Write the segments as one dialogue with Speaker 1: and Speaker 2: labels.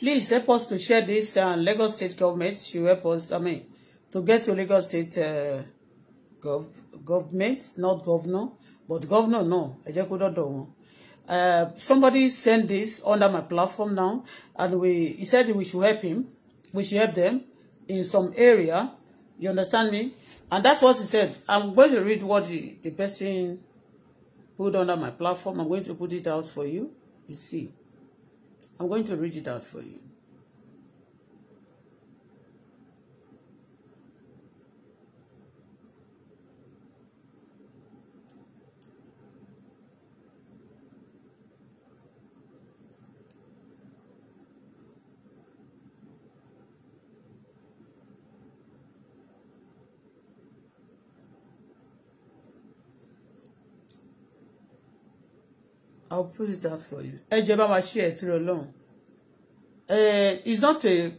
Speaker 1: Please help us to share this and uh, Lagos State government should help us, I mean, to get to Lagos State uh, gov government, not governor, but governor, no, ẹ jẹ́ kó dọ́dọ̀ wọn. Uh, somebody sent this under my platform now, and we he said we should help him, we should help them in some area. You understand me? And that's what he said. I'm going to read what the, the person put under my platform. I'm going to put it out for you. You see. I'm going to read it out for you. I'll put it out for you. Ẹ jẹ́ bá wa ṣe It's not a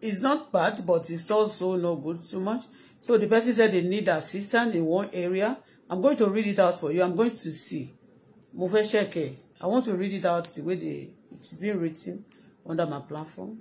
Speaker 1: it's not bad but it's also no good too much. So the person said they need assistance in one area. I'm going to read it out for you. I'm going to see. Mo fẹ́ I want to read it out the way they, it's been written under my platform.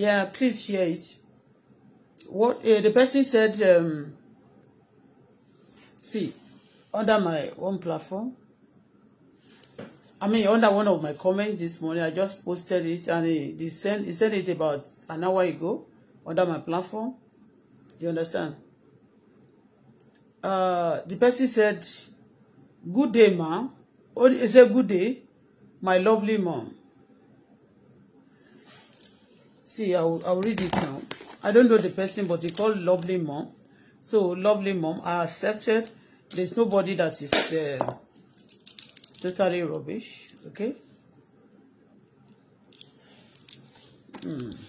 Speaker 1: Yeah, please share it. What uh, the person said, um, see, under my own platform, I mean, under one of my comments this morning, I just posted it and he, he, sent, he sent it about an hour ago under my platform. You understand? Uh, the person said, Good day, ma'am. Oh, he said, Good day, my lovely mom see, I'll, I'll read it now. I don't know the person, but he called Lovely Mom. So, Lovely Mom, I accepted. There's nobody that is uh, totally rubbish, okay? Mm.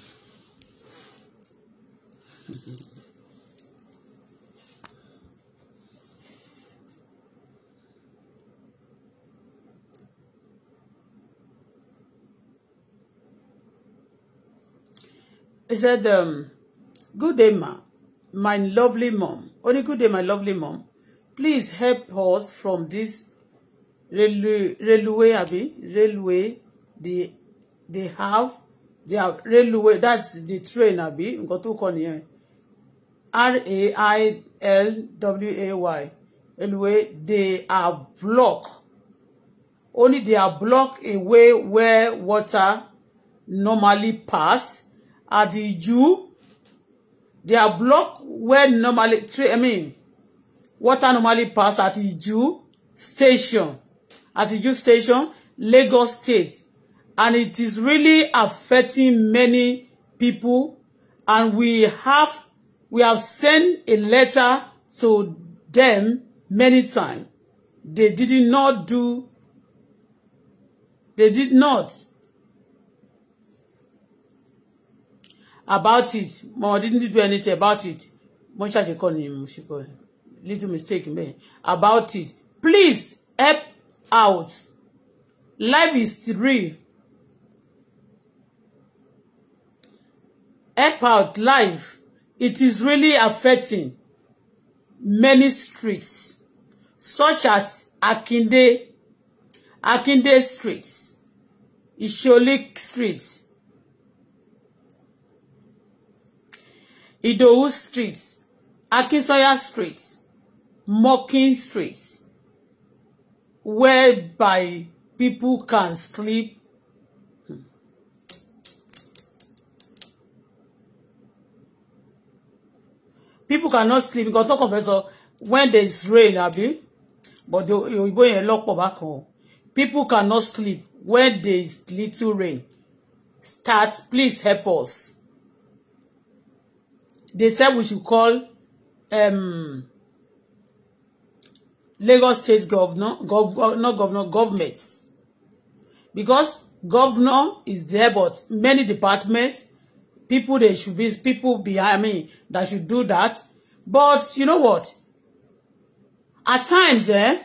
Speaker 1: He said, um, Good day, ma. My lovely mom. Only good day, my lovely mom. Please help us from this railway, railway railway, They they have, they have railway, that's the train, abi, nǹkan tó kọ R-A-I-L-W-A-Y, railway, they are blocked. Only they are blocked a way where water normally pass the Jew, they are blocked where normally I mean water normally pass at the Jew station at the Jew station Lagos State and it is really affecting many people and we have we have sent a letter to them many times they did not do they did not about it mo didn't do anything about it mo ṣàṣe kọ́ ni mo ṣe kọ́ little mistake mẹ́rin about it please help out life is real help out life it is really affecting many streets such as Akinde Akinde Street Isholi Street Idowu Street, Akinsoya Street, Mocking Street, whereby people can sleep. People cannot sleep because talk of so when there is rain, abi, but you the òyìnbó yẹn lọ́pọ̀ back home. People cannot sleep when there is little rain. Start, please help us they said we should call um, Lagos State governor, gov, not governor, government. Because governor is there, but many departments, people they should be, people behind me that should do that. But you know what? At times, eh,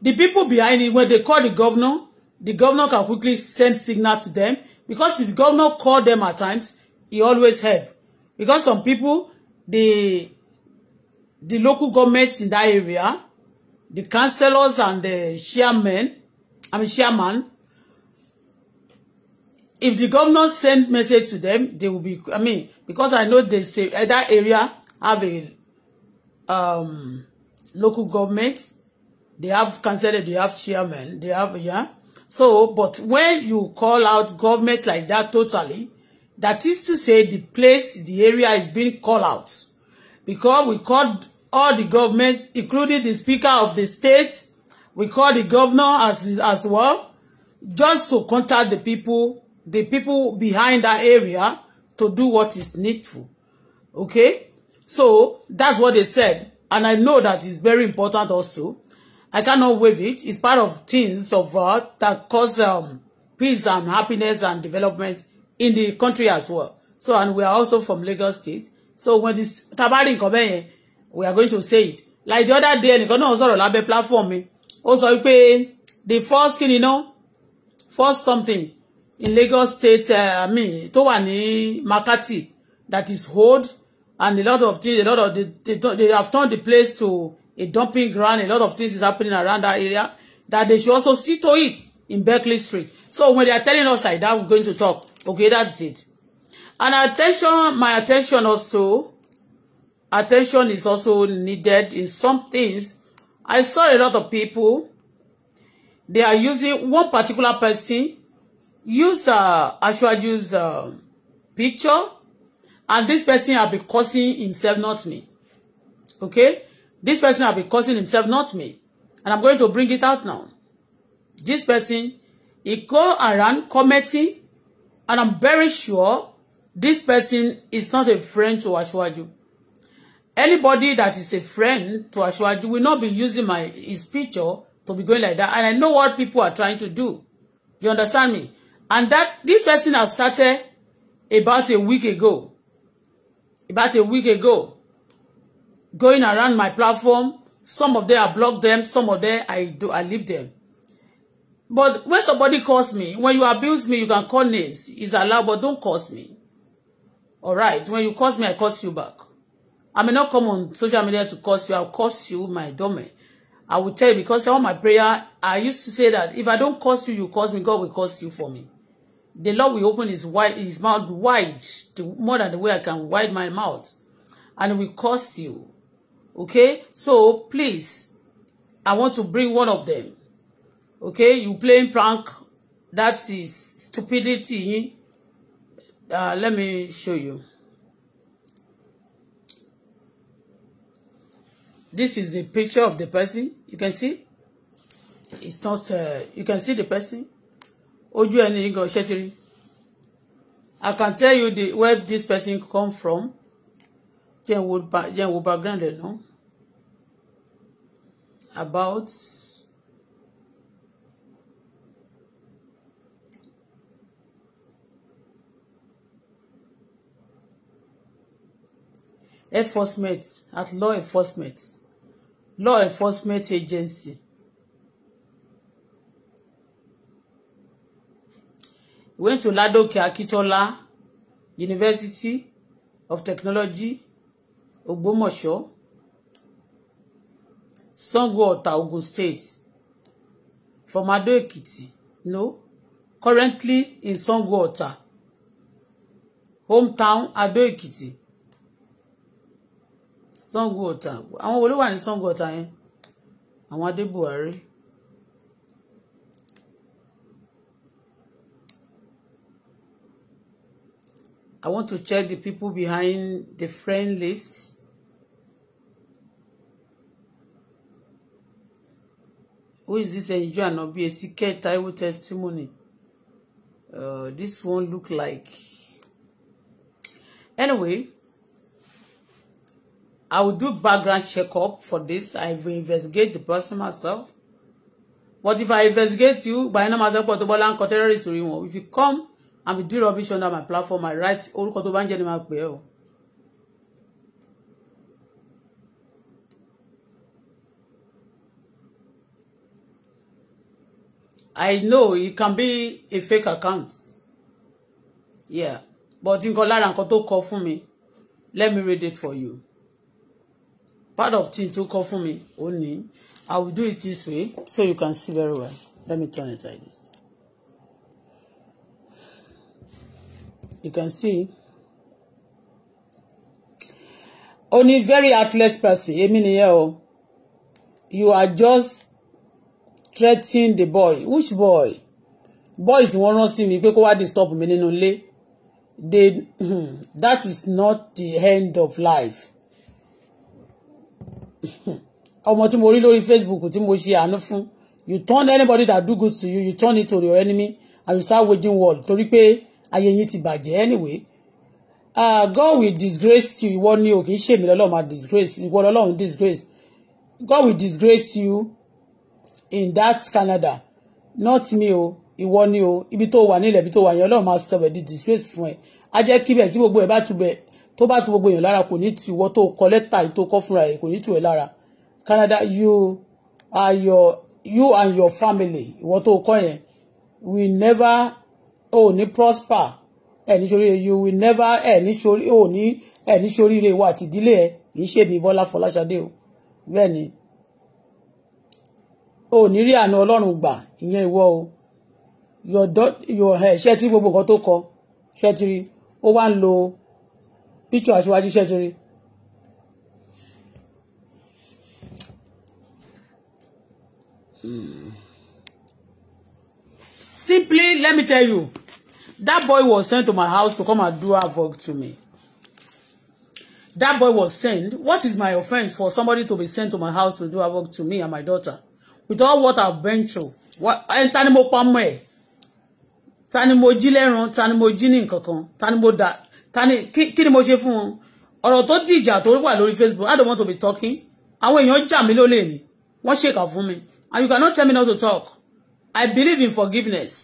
Speaker 1: the people behind it, when they call the governor, the governor can quickly send signal to them. Because if governor call them at times, he always help because some people the the local governments in that area the councillors and the chairman I mean chairman if the governor sends message to them they will be I mean because I know they say eh, that area have a um local government they have councillors. they have chairman they have yeah so but when you call out government like that totally That is to say, the place, the area is being called out because we called all the government, including the Speaker of the state, we called the governor as, as well, just to contact the people, the people behind that area to do what is needful. Okay? So, that's what they said. And I know that it's very important also. I cannot waive it. It's part of things of uh, that cause um, peace and happiness and development in the country as well so and we are also from Lagos state so when this tabari come bẹ́ẹ̀ we are going to say it like the other day ẹnìkan náà sọ̀rọ̀ lábẹ́ platform mi ó sọ wípé the first kí ni ná first something in Lagos state uh, I mean tó Makati that is old and a lot of things a lot of they, they, they have turned the place to a dumping ground a lot of things is happening around that area that they should also see to it in Berkeley Street so when they are telling us like that we're going to talk Okay, that's it. And attention, my attention also, attention is also needed in some things. I saw a lot of people, they are using one particular person, use uh, Ashwaju's uh, picture, and this person have been cursing himself, not me. Okay? This person have been cursing himself, not me. And I'm going to bring it out now. This person, he go around commenting And I'm very sure this person is not a friend to Ashwaju. Anybody that is a friend to Ashwaju will not be using my his picture to be going like that. And I know what people are trying to do. You understand me? And that this person has started about a week ago. About a week ago. Going around my platform. Some of them I block them. Some of them I do I leave them. But when somebody calls me, when you abuse me, you can call names. It's allowed, but don't curse me. All right. When you curse me, I curse you back. I may not come on social media to curse you. I'll curse you my domain. I will tell you because all my prayer, I used to say that if I don't curse you, you curse me, God will curse you for me. The Lord will open his, wide, his mouth wide, the, more than the way I can wide my mouth, and it will curse you. Okay? So, please, I want to bring one of them okay you playing prank that is stupidity uh, let me show you this is the picture of the person you can see it's not uh, you can see the person Oju ẹni gan ṣẹtiri i can tell you the where this person come from jẹ́ n wo background ẹ̀ about. enforcement at law enforcement law enforcement agency went to Ladoke Akitola University of Technology Ogbomoso Sango-Ota Ogun State from Ado-Ekiti no currently in Sango-Ota hometown Ado-Ekiti Sango Ọ̀tà àwọn wo ní Sango Ọ̀tà yẹn àwọn adé Buhari. I want to check the people behind the friend list. Who is this Enjo Anobi? A secret Taiwo testimony. Uh, this one look like. Anyway, I will do background checkup for this. I will investigate the person myself. But if I investigate you, by now matter Auto the and terrorist If you come and be do rubbish under my platform, I write all tó bá ń I know it can be a fake account. Yeah. But in lára and koto kọ fún mi. Let me read it for you part of thing to kọ́ fún mi ó i will do it this way so you can see very well let me turn it like this you can see only very heartless person èmi nìyẹn o you are just threatening the boy which boy boy tí wọ́n rán sí mi pé kó wá disturb mi they hmm, that is not the end of life ọmọ tí mo rí lórí Facebook tí mo ṣe àánú fún you turn anybody that do good to you you turn it to your enemy and you start waging war torí pé ayé yín ti bàjẹ́ anyway uh, God will disgrace you ìwọ ni o kì í ṣèmi lọ́lọ́run máa disgrace ìwọ lọ́lọ́run disgrace God will disgrace you in that Canada not me o ìwọ ni o ibi tó wà nílẹ̀ ibi tó wà yẹn ọlọ́run máa sọ di disgrace fún ẹ á jẹ́ kíbẹ̀ tí gbogbo ẹ̀ bá tubẹ̀ tó bá tu gbogbo èèyàn lára kò ní tiwọ́ tó kọ lẹ́tà tó kọ fúnra ẹ̀ kò ní tiwọ́ lára Canada you are your you and your family ìwọ tó kọ yẹn we never ò ní prosper ẹ̀ ní sori you will never ẹ̀ ní sori ò ní ẹ̀ ní sori rẹ̀ wà àti ìdílé ẹ̀ kì í ṣe mi Bọ́lá Fọláṣadé o bẹ́ẹ̀ ni ò ní rí àánú Ọlọ́run gbà ìyẹn ìwọ o your dot your hair ṣẹ́ tí gbogbo nǹkan tó kọ ṣẹ́ tí ó wá ń lo picture aṣíwájú iṣẹ́ torí. Simply, let me tell you, that boy was sent to my house to come and do havoc to me. That boy was sent. What is my offence for somebody to be sent to my house to do havoc to me and my daughter? With all what I've been through. What, ẹni ta ni mo pa mọ́ ẹ̀? Ta ni mo jí lẹ́ran? Ta mo jí ní nǹkan kan? mo dà? tani kí ni mo ṣe fún wọn ọ̀rọ̀ tó dìjà tó wà lórí Facebook I don't want to be talking àwọn èèyàn jà mí lólè ni wọ́n ṣèkà fún mi and you cannot tell me not to talk I believe in forgiveness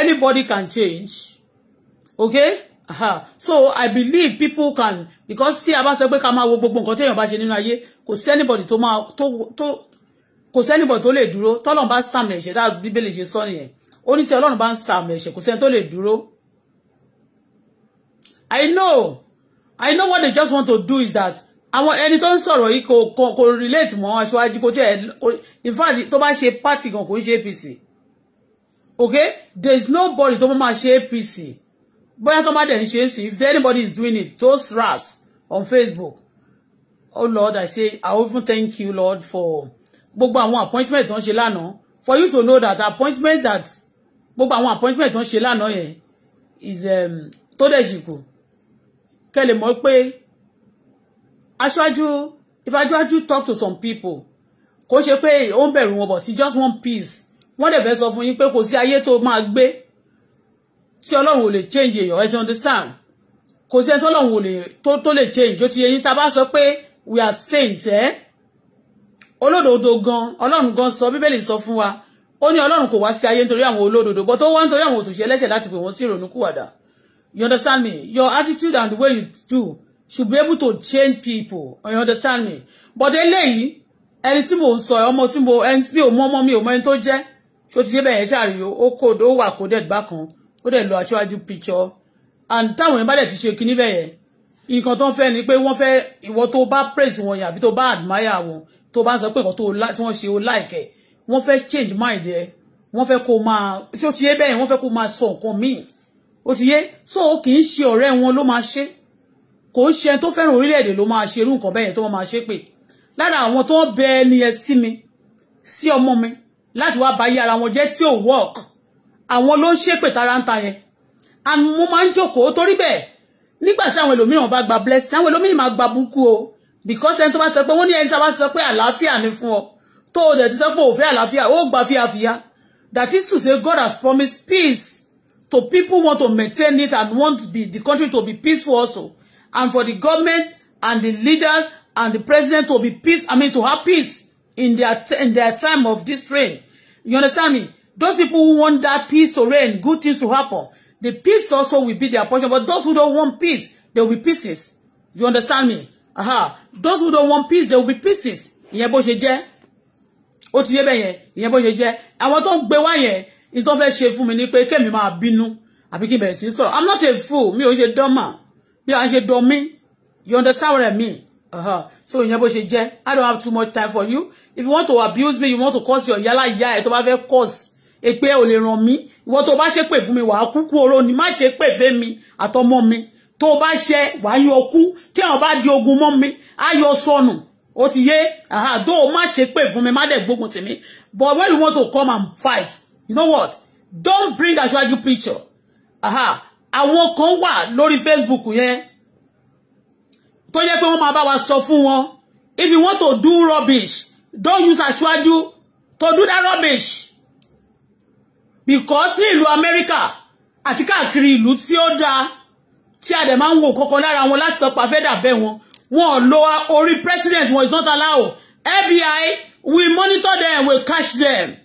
Speaker 1: anybody can change okay aha so I believe people can because tí a bá sọ pé ká máa wo gbogbo nǹkan téèyàn bá ṣe nínú ayé kò sí anybody tó máa tó tó kò sí anybody tó lè dúró tọ́lọ́run bá sàmì ẹ̀ṣẹ̀ dáa bíbélì ṣe sọ nìyẹn ó ní tí ọlọ́run bá ń sàmì ẹ̀ṣẹ̀ kò sẹ́ni tó lè dúró I know I know what they just want to do is that àwọn ẹni tó ń sọ̀rọ̀ yìí kò kò kò relate mọ́ aṣáájú kò tẹ̀ in fact tó bá ṣe party kan kò ń ṣe APC okay there is nobody tó máa ṣe APC bóyá tó bá dẹ̀ ń ṣe é sí if anybody is doing it toast ras on Facebook oh Lord I say I even thank you Lord for gbogbo àwọn appointment tó ń ṣe lánàá for you to know that appointment that gbogbo àwọn appointment tó ń ṣe lánàá yẹn is um, tó dẹ̀ ṣì kẹ́ lè mọ̀ pé aṣáájú ìfàjọ́jú talk to some people kò ṣe pé ó ń bẹ̀rù wọn bọ̀ sí just one piece wọ́n dẹ̀ fẹ́ sọ fún yín pé kò sí ayé tó máa gbé tí ọlọ́run ò lè change èèyàn ẹ ti understand kò sí ẹni tó ọlọ́run ò lè tó lè change ó ti yẹ yín tá a bá sọ pé we are saints ẹ́ eh? olódodo gan ọlọ́run gan sọ bíbélì sọ fún wa ó ní ọlọ́run kò wá sí ayé nítorí àwọn olódodo bọ́ tó wá nítorí àwọn òtúnṣe ẹlẹ́ṣẹ̀ láti pè wọ́n sí ìrònúkúwàdà You understand me? Your attitude and the way you do should be able to change people. You understand me? But eléyìí, ẹni any mo ń sọ ọmọ tí mo ẹni tí mi ò mọ ọmọ mi ò mọ ẹni tó jẹ́ ṣó ti ṣe bẹ́ẹ̀ yẹn ṣàrí o ó kó o wà kó dẹ̀ bákan picture and táwọn yẹn bá dẹ̀ ti ṣe kinní bẹ́ẹ̀ yẹn nǹkan tó ń fẹ́ ni pé wọ́n fẹ́ ìwọ tó bá praise wọn You àbí tó bá admire wọn tó bá ń to like nǹkan tó wọ́n ṣe o like ẹ̀ wọ́n fẹ́ change mind ẹ̀ wọ́n fẹ́ kó máa ṣó ti ṣe bẹ́ẹ̀ yẹn wọ́n fẹ́ kó máa ó ti yé so ó kì í ṣe ọ̀rẹ́ wọn ló máa ṣe kò ń ṣe tó fẹ́ràn orílẹ̀-èdè ló máa ṣe irú nǹkan bẹ́ẹ̀ yẹn tó máa ṣe pé lára àwọn tó ń bẹ ẹni yẹn sí mi sí ọmọ mi láti wá báyé ara wọn jẹ́ tí ò work àwọn ló ń ṣépè tara ń ta yẹn and mo máa ń jókòó torí bẹ́ẹ̀ nígbà tí àwọn ẹlòmíràn bá gba blessing àwọn ẹlòmíràn máa gba búkú o because ẹni tó bá sọ pé wọ́n ní ẹni tó bá sọ pé àlàáfíà ni fún ọ tó o dẹ̀ ti sọ pé òfẹ́ àlàáfíà ó gba fíafíà that is to say God has promised peace to people want to maintain it and want to be the country to be peaceful also and for the government and the leaders and the president to be peace I mean to have peace in their in their time of this reign you understand me those people who want that peace to reign good things to happen the peace also will be their portion but those who don't want peace there will be pieces you understand me aha those who don't want peace there will be pieces ìyẹn bó ṣe jẹ́ ó ti yé bẹ́ẹ̀ yẹn ìyẹn bó ṣe jẹ́ àwọn tó ń gbé ìtàn fẹ́ ṣe fún mi ni pé kémi máa bínú àbí kí n bẹ̀rẹ̀ sí sọ̀rọ̀ i'm not a fool mi ò ṣe dọ́mà bí a ṣe dán you understand what i mean uh-huh. so ìyẹn bó ṣe jẹ́ i don't have too much time for you if you want to abuse me you want to cause your yálà ìyá ẹ̀ tó bá fẹ́ cause èpè ò lè ràn mí ìwọ tó bá ṣe pè fún mi wàá kúkú oró ni má ṣe pè fẹ́ mi àtọmọ mi tó bá ṣe wàá yọ kú tí àwọn bá di ogun mọ́ mi á yọ sọnù ó ti yé àhà dó o má ṣe pè fún mi má dẹ̀ gbógun tèmi but when you want to come and fight you know what don't bring aṣáájú picture aha àwọn kan wà lórí facebook yẹn tó jẹ́ pé wọ́n máa bá wa sọ fún wọn if you want to do rubbish don't use aṣáájú to do that rubbish because ní ìlú amẹ́ríkà àti káàkiri ìlú tí ó dáa tí a dẹ̀ máa ń wo kankan lára wọn láti sọ pa fẹ́ dàbẹ́ wọn wọn lo orí president wọn is not allowed FBI we monitor them we catch them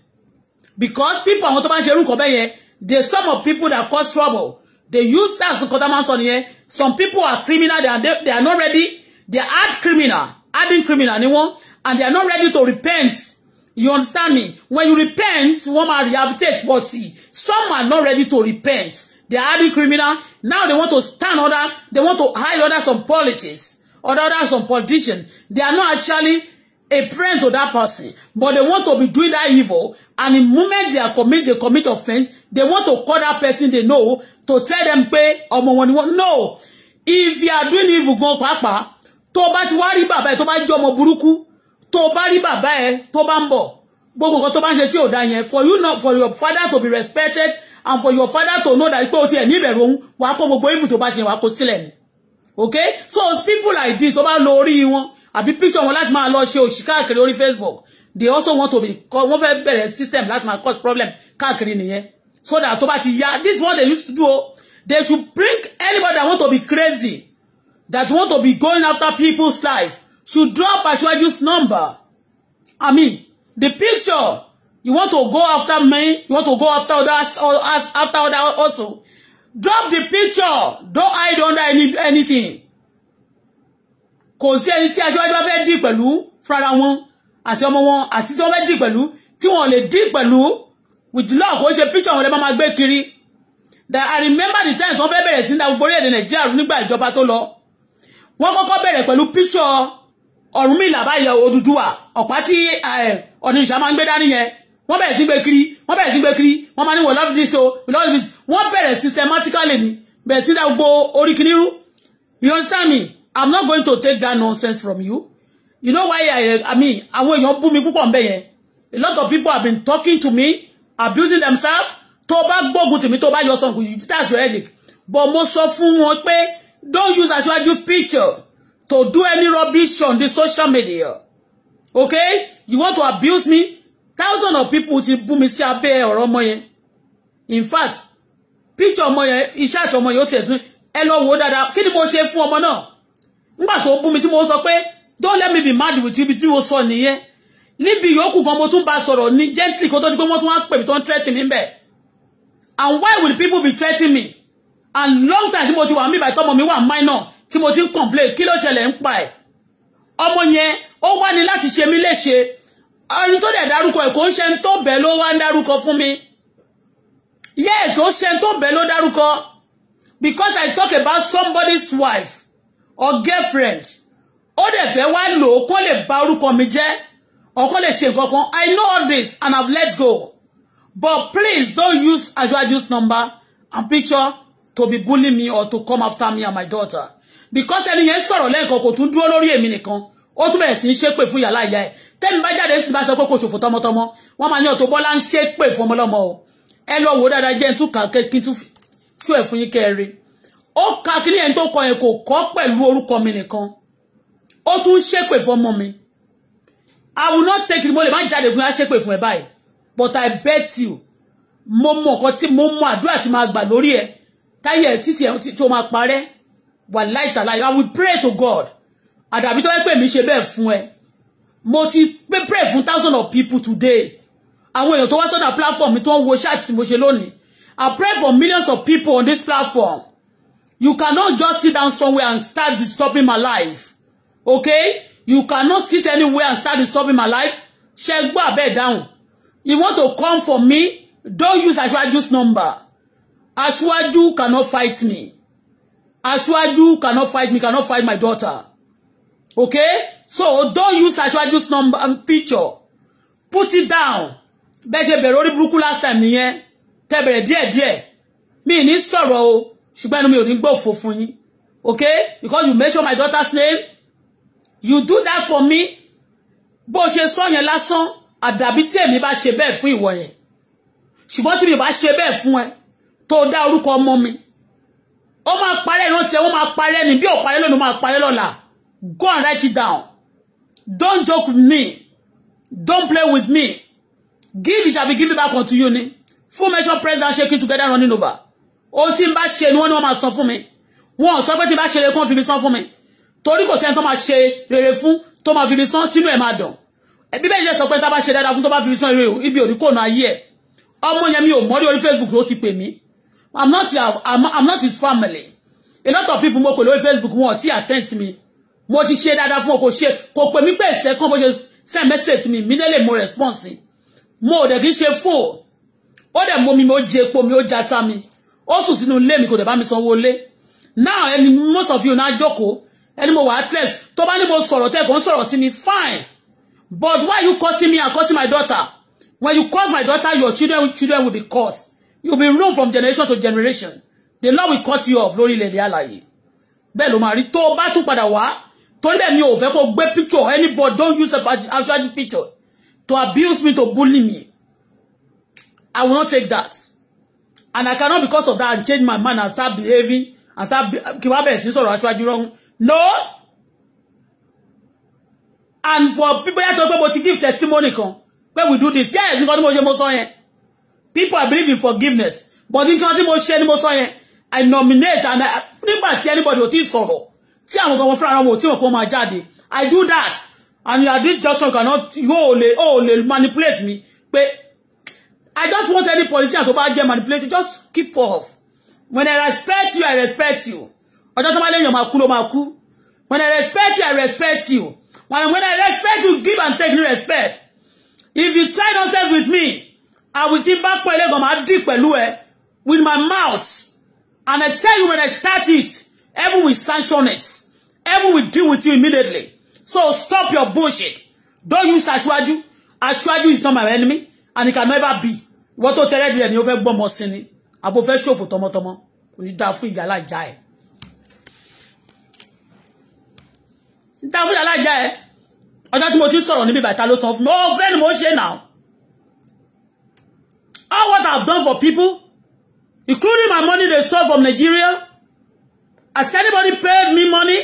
Speaker 1: because people àwọn tó máa ń ṣe irú nǹkan the some of people that cause trouble they use that to cut máa ń sọ nìyẹn some people are criminal they are, they are not ready they are hard criminal adding criminal anyone, and they are not ready to repent you understand me when you repent one man rehabilitates. but see, some are not ready to repent they are hardened criminal now they want to stand under they want to hide under some politics under some politician they are not actually a friend to that person, but they want to be doing that evil. And the moment they are commit, they commit offense, they want to call that person they know to tell them pay or wọn ni No, if you are doing evil, go pàápàá, tó bá ti wá rí bàbá ẹ̀ tó bá jẹ́ ọmọ burúkú, tó bá rí bàbá ẹ̀ tó bá ń bọ̀, gbogbo nǹkan tó bá ń ṣe tí for you not for your father to be respected and for your father to know that pé o tiẹ̀ ní ìbẹ̀rù òun, wàá kó gbogbo evil tó bá ṣe wàá kó sílẹ̀ ni. Okay, so people like this, tó bá lo orí wọn àbí picture wọn láti máa lọ ṣe òṣì káàkiri orí Facebook they also want to be wọ́n fẹ́ bẹ̀rẹ̀ system láti máa cause problem káàkiri nìyẹn so that tó bá ti yá this is what they used to do o they should bring anybody that want to be crazy that want to be going after people's life should drop Asiwaju's number I mean the picture you want to go after me you want to go after others or after others also drop the picture don't hide under any anything kò sí ẹni tí aṣíwájú bá fẹ́ dì pẹ̀lú fúnra wọn àti ọmọ wọn àti tí wọ́n fẹ́ dì pẹ̀lú tí wọ́n lè dì pẹ̀lú with love ó ṣe picture wọn lè máa gbé kiri that I remember the time tí wọ́n fẹ́ bẹ̀rẹ̀ sí ní àwọn orí èdè Nàìjíríà nígbà ìjọba tó lọ wọ́n kọ́kọ́ bẹ̀rẹ̀ pẹ̀lú picture Ọ̀rúnmìlà báyìí Odùduwà ọ̀pá tí eh, Ọ̀nìṣà máa ń gbé dání yẹn wọ́n bẹ̀rẹ̀ sí gbé kiri wọ́n bẹ̀rẹ̀ sí gbé kiri wọ́n máa ní wọ́n love this o love this wọ́n bẹ̀rẹ̀ systematically ni bẹ̀rẹ̀ sí dá gbogbo orí kìnírú you understand me i'm not going to take that nonsense from you you know why i i mean àwọn èèyàn bú mi púpọ̀ nbẹ yẹn a lot of people have been talking to me abusing themselves tó bá gbógun tèmi tó bá yọ that's your headache but most of fún wọn pé don't use aṣáájú picture to do any rubbish on the social media okay you want to abuse me thousands of people ti bú mi sí abẹ́ ọ̀rọ̀ ọmọ yẹn in fact picture ọmọ yẹn iṣẹ́ àti ọmọ yẹn ó tiẹ̀ tún ẹ lọ wò ó dáadáa kí ni mo ṣe fún ọmọ náà nígbà tó bú mi tí mo sọ pé don't let me be mad with you ibi tí mo sọ nìyẹn níbi yòókù gan mo tún bá sọ̀rọ̀ ní gently kó tó di pé wọ́n tún wá pè mí tó ń threaten níbẹ̀ and why will people be threatening me and long time tí mo ti wà mí ìbàtọ́ ọmọ mi wà minor tí mo ti complain kí ló ṣẹlẹ̀ ń pa ẹ̀ ọmọ yẹn ó wá ní láti ṣe mí léṣe ẹni tó dẹ̀ dárúkọ ẹ̀ kò ń ṣe ń tó bẹ́ẹ̀ ló wá ń dárúkọ fún mi yẹ́ẹ̀ kò ń ṣe ń tó bẹ́ẹ̀ ló because I talk about somebody's wife or girlfriend ó dẹ̀ fẹ́ wá lò ó kó lè ba orúkọ mi jẹ́ or kó lè ṣe nǹkan kan I know all this and I've let go but please don't use actual use number and picture to be bullying me or to come after me and my daughter because ẹni yẹn sọ̀rọ̀ lẹ́ẹ̀kan kò tún dúró lórí èmi nìkan ó tún bẹ̀rẹ̀ sí í ṣépè fún yàrá ìyá ẹ̀ tẹ́ni bá jáde sí bá sọ pé kò ṣòfò tọmọtọmọ wọ́n máa ní Auto Bola ń ṣépè fún ọmọlọ́mọ o ẹ lọ wò dáadáa jẹ́ ń tún kà kí n tún tú ẹ̀ fún yín kẹrin ó ka kíní ẹni tó kọ yẹn kò kọ́ pẹ̀lú orúkọ mi nìkan ó tún ṣépè fún ọmọ mi I will not take it mo lè má jáde gun aṣépè fún ẹ báyìí but I bet you mo mọ nǹkan tí mo mọ àdúrà tí máa gbà lórí ẹ táyẹ títí ẹ tí o máa parẹ́ wà láìta láì I will pray to God àdàbí tó yẹ pé mi ṣe bẹ́ẹ̀ fún ẹ mo ti pé pray fún thousand of people today àwọn èèyàn tó wá sọ́dà platform mi tó ń wo ṣáàtì tí mo ṣe lónìí I pray for millions of people on this platform You cannot just sit down somewhere and start disturbing my life. Okay? You cannot sit anywhere and start disturbing my life. Ṣé gbọ́ abẹ́ dáhùn. You want to come for me? Don't use Aṣíwájú's number. Aṣíwájú cannot fight me. Aṣíwájú cannot fight me, cannot fight my daughter. Okay? So don't use Aṣíwájú's number and picture. Put it down. Beje ṣe bẹ̀rẹ̀ orí last time nìyẹn. Tẹ bẹ̀rẹ̀ díẹ̀díẹ̀. Me ní sorrow ṣùgbọ́n ẹnu mi ò ní gbọ́ òfò fún yín okay because you measure my daughter's name you do that for me bó ṣe sọ yẹn lásán àdàbí tí èmi bá ṣe bẹ́ẹ̀ fún ìwọ yẹn ṣùgbọ́n tí mi bá ṣe bẹ́ẹ̀ fún ẹ tó dá orúkọ ọmọ mi ó máa parẹ́ ìrántí ẹ wọ́n máa parẹ́ ni bí ò parẹ́ lónìí ó máa parẹ́ lọ́la go and write it down don't joke with me don't play with me give it shall be given back unto you ni full measure press down shaking together running over ohun tí n bá ṣe ni wọ́n ní wọ́n máa san fún mi wọn ò sọ pé tí n bá ṣe rere kí wọ́n fi mi san fún mi torí kò sẹ́ni tó máa ṣe rere fún tó máa fi mi san tínú ẹ̀ máa dàn bíbélì jẹ́ sọ pé tá a bá ṣe dáadáa fún tó bá fi mi san ibi òní kò náà ayé ẹ̀ ọmọ yẹn mi ò mọ́ rí orí Facebook ló ti pè mí I'm not I'm, I'm not his family a lot of people mo pè lórí Facebook wọn ò tí attend me. mo ti ṣe dáadáa fún kò ṣe kò pè mí pé ẹsẹ kan bó ṣe send message mi mi nílé mo response mo ò dẹ̀ kí ṣe fò ó dẹ̀ mo mi mo jẹ epo mi ó jata mi ó sùn sínú mi kò dẹ̀ bá mi sanwó ilé now ẹni most of you náà jókòó any mo wà á test tó bá mo sọ̀rọ̀ tẹ́ kò ń sọ̀rọ̀ sí fine but why you cursing me and cursing my daughter when you curse my daughter your children children will be cursed you will be run from generation to generation the Lord will cut you off lórí ilẹ̀ ní àlàyé bẹ́ẹ̀ ló máa rí tó bá tún padà wá torí bẹ́ẹ̀ mi ò fẹ́ kó gbé picture anybody don't use a actual picture to abuse me to bully me i will not take that and I cannot because of that and change my mind and start behaving and start kí wá bẹ̀rẹ̀ sí sọ̀rọ̀ aṣáájú wrong. no and for people yàtọ̀ pé mo to give testimony kan pé we do this yes nǹkan tí mo ṣe mo sọ yẹn people are believing forgiveness but nǹkan tí mo ṣe ni mo I nominate and nígbà see anybody with ti sọ̀rọ̀ tí àwọn kan fúnra friend, I'm tí wọn kò máa jáde I do that and you are this junction cannot you only lè manipulate me but. I just want any politician tó bá jẹ́ manipulative just keep off. When I respect you, I respect you. I just bá lẹ́yìn ọmọ akú ló máa When I respect you, I respect you. When, when I respect you, give and take respect. If you try nonsense with me, I will think back my leg on my pẹ̀lú ẹ with my mouth. And I tell you when I start it, everyone will sanction it. Everyone will deal with you immediately. So stop your bullshit. Don't use Ashwaju. Ashwaju is not my enemy and he can never be ìwọ́n tó tẹ́rẹ́ dìrẹ̀ ni ó fẹ́ gbọ́mọ sí ni àbò fẹ́ ṣòfò tọmọtọmọ kò ní dáa fún ìyá alájà ẹ̀ dáa fún ìyá alájà ẹ̀ ọjọ́ tí mo ti sọ̀rọ̀ níbi bàtà ló sọ fún mi ó fẹ́ ni mo ṣe now all what I've done for people including my money they stole from Nigeria has anybody paid me money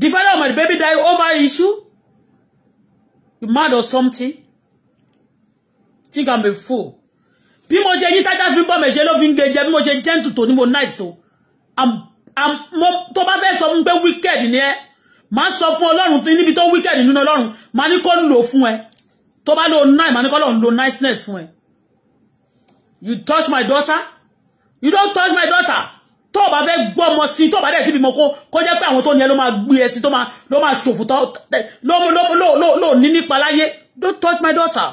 Speaker 1: the father of my baby died over issue You mad or something? Think I'm a fool. Bí mo ṣe yí tájá fi ń bọ́ mẹ̀ṣẹ́ ló fi ń gé mo ṣe gentle tó ní mo nice tó. Tó bá fẹ́ sọ fún pé wicked ni ẹ́, máa sọ fún Ọlọ́run tó níbi tó wicked nínú Ọlọ́run, máa ní kó lò fún ẹ. Tó bá lo nice, máa ní kó lọ́run lo niceness fun ẹ. You touch my daughter? You don't touch my daughter tó bá fẹ́ gbọ́mọ sí tó bá dẹ̀ ti bímọ kó kó jẹ́ pé àwọn tó ní ẹ ló máa gbé ẹ sí tó máa ló máa ṣòfò tó ló ló ló ló ló ní nípa láyé don't touch my daughter.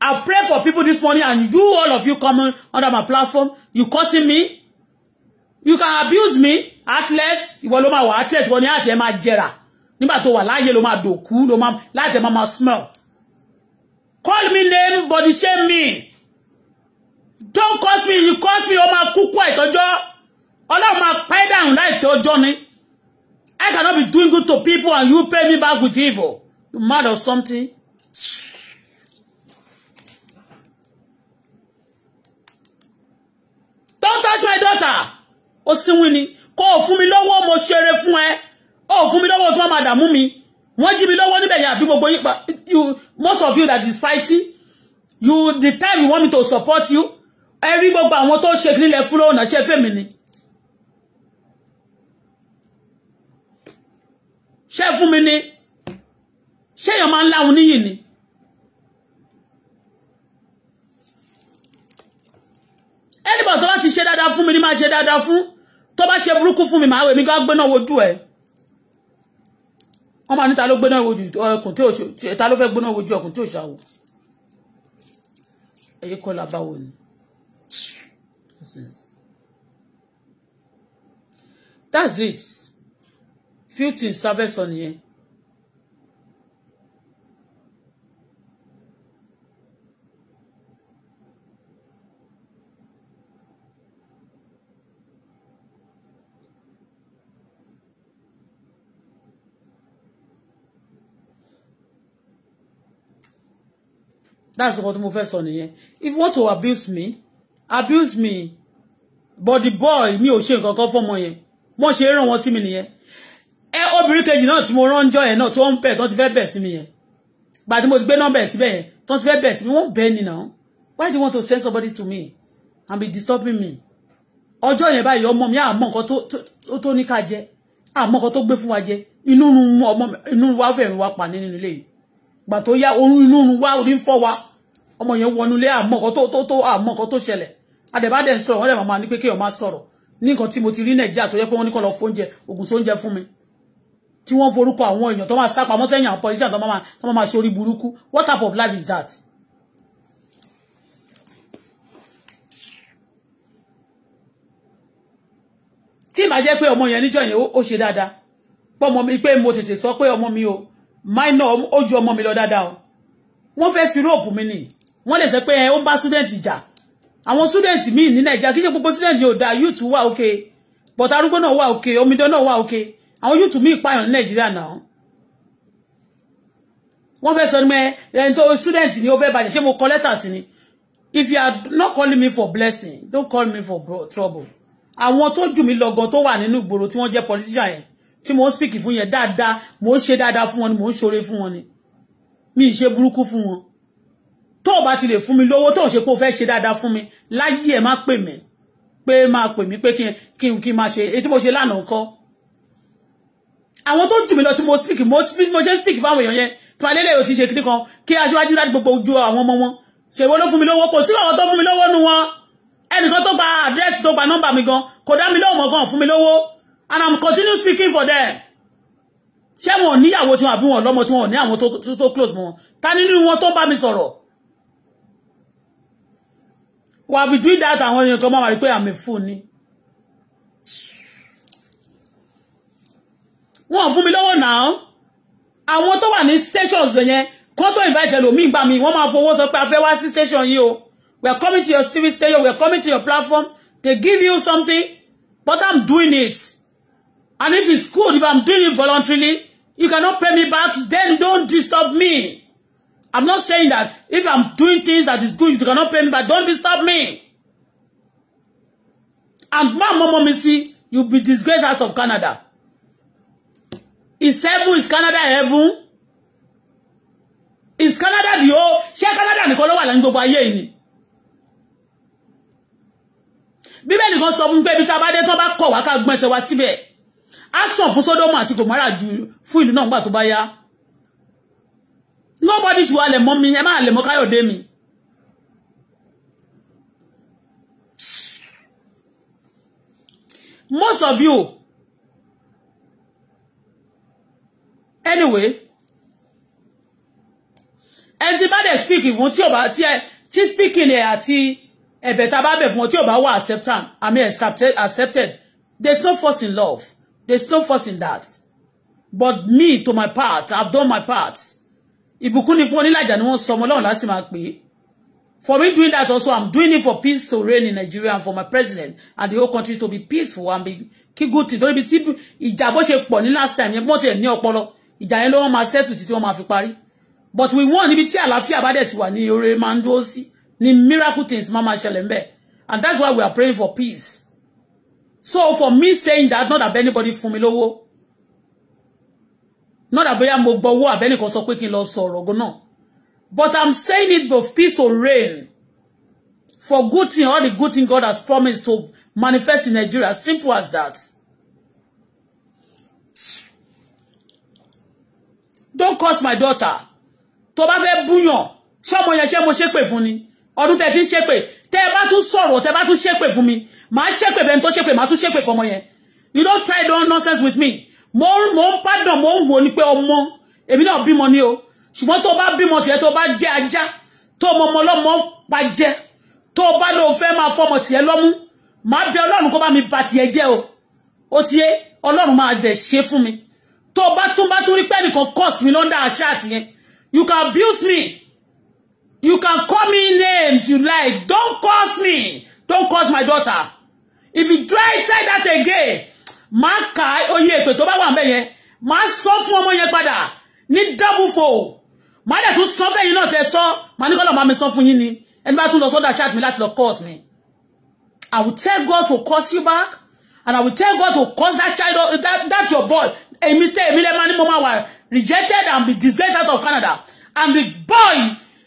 Speaker 1: I pray for people this morning and you all of you coming under my platform you cursing me you can abuse me atlas ìwọ ló máa wà atlas ìwọ ni àti ẹ máa jẹrà nígbà tó wà láàyè ló máa dòkú ló máa láti ẹ máa máa smell call me name body shame me don't curse me you curse me ó máa kúkú àìtọ́jọ́ ọlọ́run máa pẹ́ dànù láìtọ́jọ́ ni I cannot be doing good to people and you pay me back with evil you mad or something. don't touch my daughter ó sínwín ni kó o fún mi lọ́wọ́ mo ṣeré fún ẹ ó fún mi lọ́wọ́ tó máa dààmú mi wọ́n jí mi lọ́wọ́ níbẹ̀ yẹn àbí gbogbo yín most of you that is fighting you the time you want me to support you ẹ rí gbogbo àwọn tó ṣe nílẹ̀ fúnra ọ̀nà ṣe fẹ́mi ni ṣe fún mi ni ṣé èèyàn máa ń láwọn níyì ni. ẹnìbọ̀ tó bá ti ṣe dáadáa fún mi ni máa ṣe dáadáa fún tó bá ṣe burúkú fún mi máa wèmí ká gbé náà wojú ẹ̀ wọ́n máa ní ta ló gbé náà wojú ọkùn tí ò ṣe ta ló fẹ́ gbé náà wojú ọkùn tí ò ṣàwò ẹ̀yìn kọ́ làbáwò ni nonsense that's it few things abẹ́ sọ nìyẹn. That's what mo fẹ́ sọ nìyẹn. If you want to abuse me, abuse me but the boy mi ò ṣe nǹkan kan fọ́mọ yẹn wọ́n ṣe ràn wọ́n sí mi nìyẹn ẹ obìnrin kejì náà tí mo ránjọ́ yẹn náà tó ń bẹ̀ tó ti fẹ́ bẹ̀ sí mi yẹn gbà tí mo ti gbé nọ́mbà ẹ̀ síbẹ̀ yẹn tó ti fẹ́ bẹ̀ sí mi wọ́n bẹ̀ ni náà why do you want to send somebody to me and be disturbing me Ojo yẹn báyìí ọmọ mi àmọ́ nǹkan tó ní ká jẹ àmọ́ nǹkan tó gbé fún wa jẹ inú ọmọ inu wa fẹ̀mí wa pa nínú ilé yìí gbà tó yá orun inú wa orí ń fọ́ wa ọmọ yẹn wọnú ilé àmọ́ nǹkan tó àmọ́ nǹkan tó ṣẹlẹ̀ adẹ̀bá dẹ̀ ń sọ̀rọ̀ wọ́n dẹ̀ máa ní pé kéèyàn máa sọ̀rọ̀ ní nǹkan tí mo ti rí nàìjíríà tó yẹ pé wọ́n ní kọ́ lọ fóúnjẹ ògùn sóúnjẹ fún mi tí wọ́n forúkọ àwọn èèyàn tó máa sá pamọ́ sẹ́yìn àwọn politician tó máa tó máa ṣe orí what type of life is that. tí ìbá jẹ́ pé ọmọ yẹn níjọ́ yẹn ó ṣe dáadáa pọ́ ọmọ mi pé mo tete sọ pé ọmọ mi o My ó oju ọmọ mi lọ dáadáa o wọ́n fẹ́ fi róòpù mi nì wọ́n lè sọ pé ó ń bá student jà àwọn student míì ní nàìjíríà kí ṣe gbogbo student yóò da youth wà òkè but arúgbó náà wà òkè omidan náà wa òkè àwọn youth míì pààyàn ní nàìjíríà náà wọ́n fẹ́ sọ ní mẹ́ ẹni tó student ni ó fẹ́ bàjẹ́ ṣé mo kọ letters ni if you are not calling me for blessing don't call me for trouble àwọn tó jù mí lọ gan tó wà nínú ìgboro tí wọ́n jẹ́ politician yẹn tí mo ń speak fún yẹn dáadáa mo ń ṣe dáadáa fún wọn ni mo ń ṣoore fún wọn ni mi ì ṣe burúkú fún wọn tó o bá ti lè fún mi lówó tó o ṣe pé o fẹ́ ṣe dáadáa fún mi láyé ẹ̀ má pè mí pé máa pè mí pé kí n kí n máa ṣe èyí tí mo ṣe lánàá kọ́ àwọn tó jù mí lọ tí mo speak mo speak mo ṣe speak fáwọn èèyàn yẹn tí màá lélẹ̀ yóò ti ṣe kíní kan kí aṣíwájú láti gbogbo ojú àwọn ọmọ wọn ṣèwọ ló fún mi lówó kò sí àwọn tó fún mi lówó nu wọn ẹnìkan tó gba àdírẹ́sì tó gba nọ́mbà mi gan kò dá mi lóhùn gan fún mi lówó and i'm continue speaking for them ṣé wọn ò níyàwó tí wọn àbí wọn lọ́mọ tí wọn ò ní àwọn tó close mọ́ wọn ta nínú wọn tó bá mi sọ̀rọ̀ wà between that àwọn èèyàn kan máa wà rí pé àmì fún ni wọn ò fún mi lọ́wọ́ náà àwọn tó wà ní stations yẹn kó tó invite ẹlòmíì gbà mí wọ́n máa fowó sọ pé a fẹ́ wá sí station yìí o we are coming to your TV station we are coming to your platform they give you something but I'm doing it and if it's good if I'm doing it voluntarily you cannot pay me back then don't disturb me. I'm not saying that if I'm doing things that is good, you cannot pay me, but don't disturb me. And my mama me see, you'll be disgraced out of Canada. Is heaven, is Canada heaven? Is Canada the whole? Ṣé Canada and nìkan ló wà ní gbogbo ayé ni? Bíbélì kan sọ fún pé ibi tá a bá dé tán bá kọ̀ wá ká gbọ́n ẹsẹ̀ wá síbẹ̀. Á sàn fún Sódómù àti Gòmárà ju fún ìlú náà nígbà tó bá yá nobody should halẹ̀ mọ́ me. Emma má halẹ̀ mọ́ káyọ̀dé mi. most of you anyway And tí bá dẹ̀ speak fún tí ò bá tí ẹ tí speaking ẹ àti ẹ̀bẹ̀ tá a bá bẹ̀ fún ọ tí ò bá wà accepted I mean accepted accepted there no force in love There's no force in that but me to my part I've done my part ìbùkún ni fún onílàjà ni wọ́n sọ ọmọ ọlọ́run láti máa pè é for me doing that also i'm doing it for peace to reign in nigeria and for my president and the whole country to be peaceful and be kí good thing torí bí tí ìjà bó ṣe pọ̀ ní last time yẹn gbọ́n tiẹ̀ ní ọpọlọ ìjà yẹn ló wọ́n máa settle títí wọ́n máa fi parí but we won níbi tí àlàáfíà bá dẹ̀ ti wà ní oore máa ń dúró sí ni miracle things máa máa ṣẹlẹ̀ ńbẹ̀ and that's why we are praying for peace so for me saying that not that anybody fún mi lówó not àbóyá mo gbọ́wọ́ àbẹ́nìkan sọ pé kí n lọ sọ̀rọ̀ gan náà but i'm saying it both peace or rain, for good thing all the good thing God has promised to manifest in Nigeria simple as that don't curse my daughter To tó bá fẹ́ búyàn ṣọ́mọ yẹn ṣé mo ṣépè fún ni ọdún tẹ́ ti ń ṣépè tẹ́ ẹ bá tún sọ̀rọ̀ tẹ́ bá tún ṣépè fún mi màá ṣépè bẹ́ẹ̀ tó ṣépè màá tún ṣépè fọmọ yẹn you don't try don nonsense with me mo mo pardon pádàn mo ń wò ni pé ọmọ èmi náà bímọ ni o ṣùgbọ́n tó bá bímọ tiẹ̀ tó bá jẹ́ ajá tó mọ ọmọ ọlọ́mọ pa to tó bá lóun fẹ́ máa fọmọ tiẹ̀ lọ́mú màá bẹ ọlọ́run kó bá mi ba tiẹ̀ jẹ́ o ó ti yé ọlọ́run máa dẹ̀ ṣe fún mi tó bá tún bá tún rí pé ẹnìkan curse mi lọ́ndà àṣà àtìyẹn you can abuse me you can call me names you like don't curse me don't curse my daughter if you try try that again máa ka oyè èpè tó bá wà ńbẹ̀ yẹn máa sọ fún ọmọ yẹn padà ní double fold máa dẹ̀ tún sọ fẹ́yìn náà tẹ sọ máa ní kọ́lọ̀ máa mi sọ fún yín ni ẹni bá tún lọ sọ́dọ̀ chat mi láti lọ curse mi I will tell God to cause you back and I will tell God to cause that child that, that your boy Emi, tẹ èmi lẹ́ẹ̀ máa ní mo máa wà rejected and be disgraced out of Canada and the boy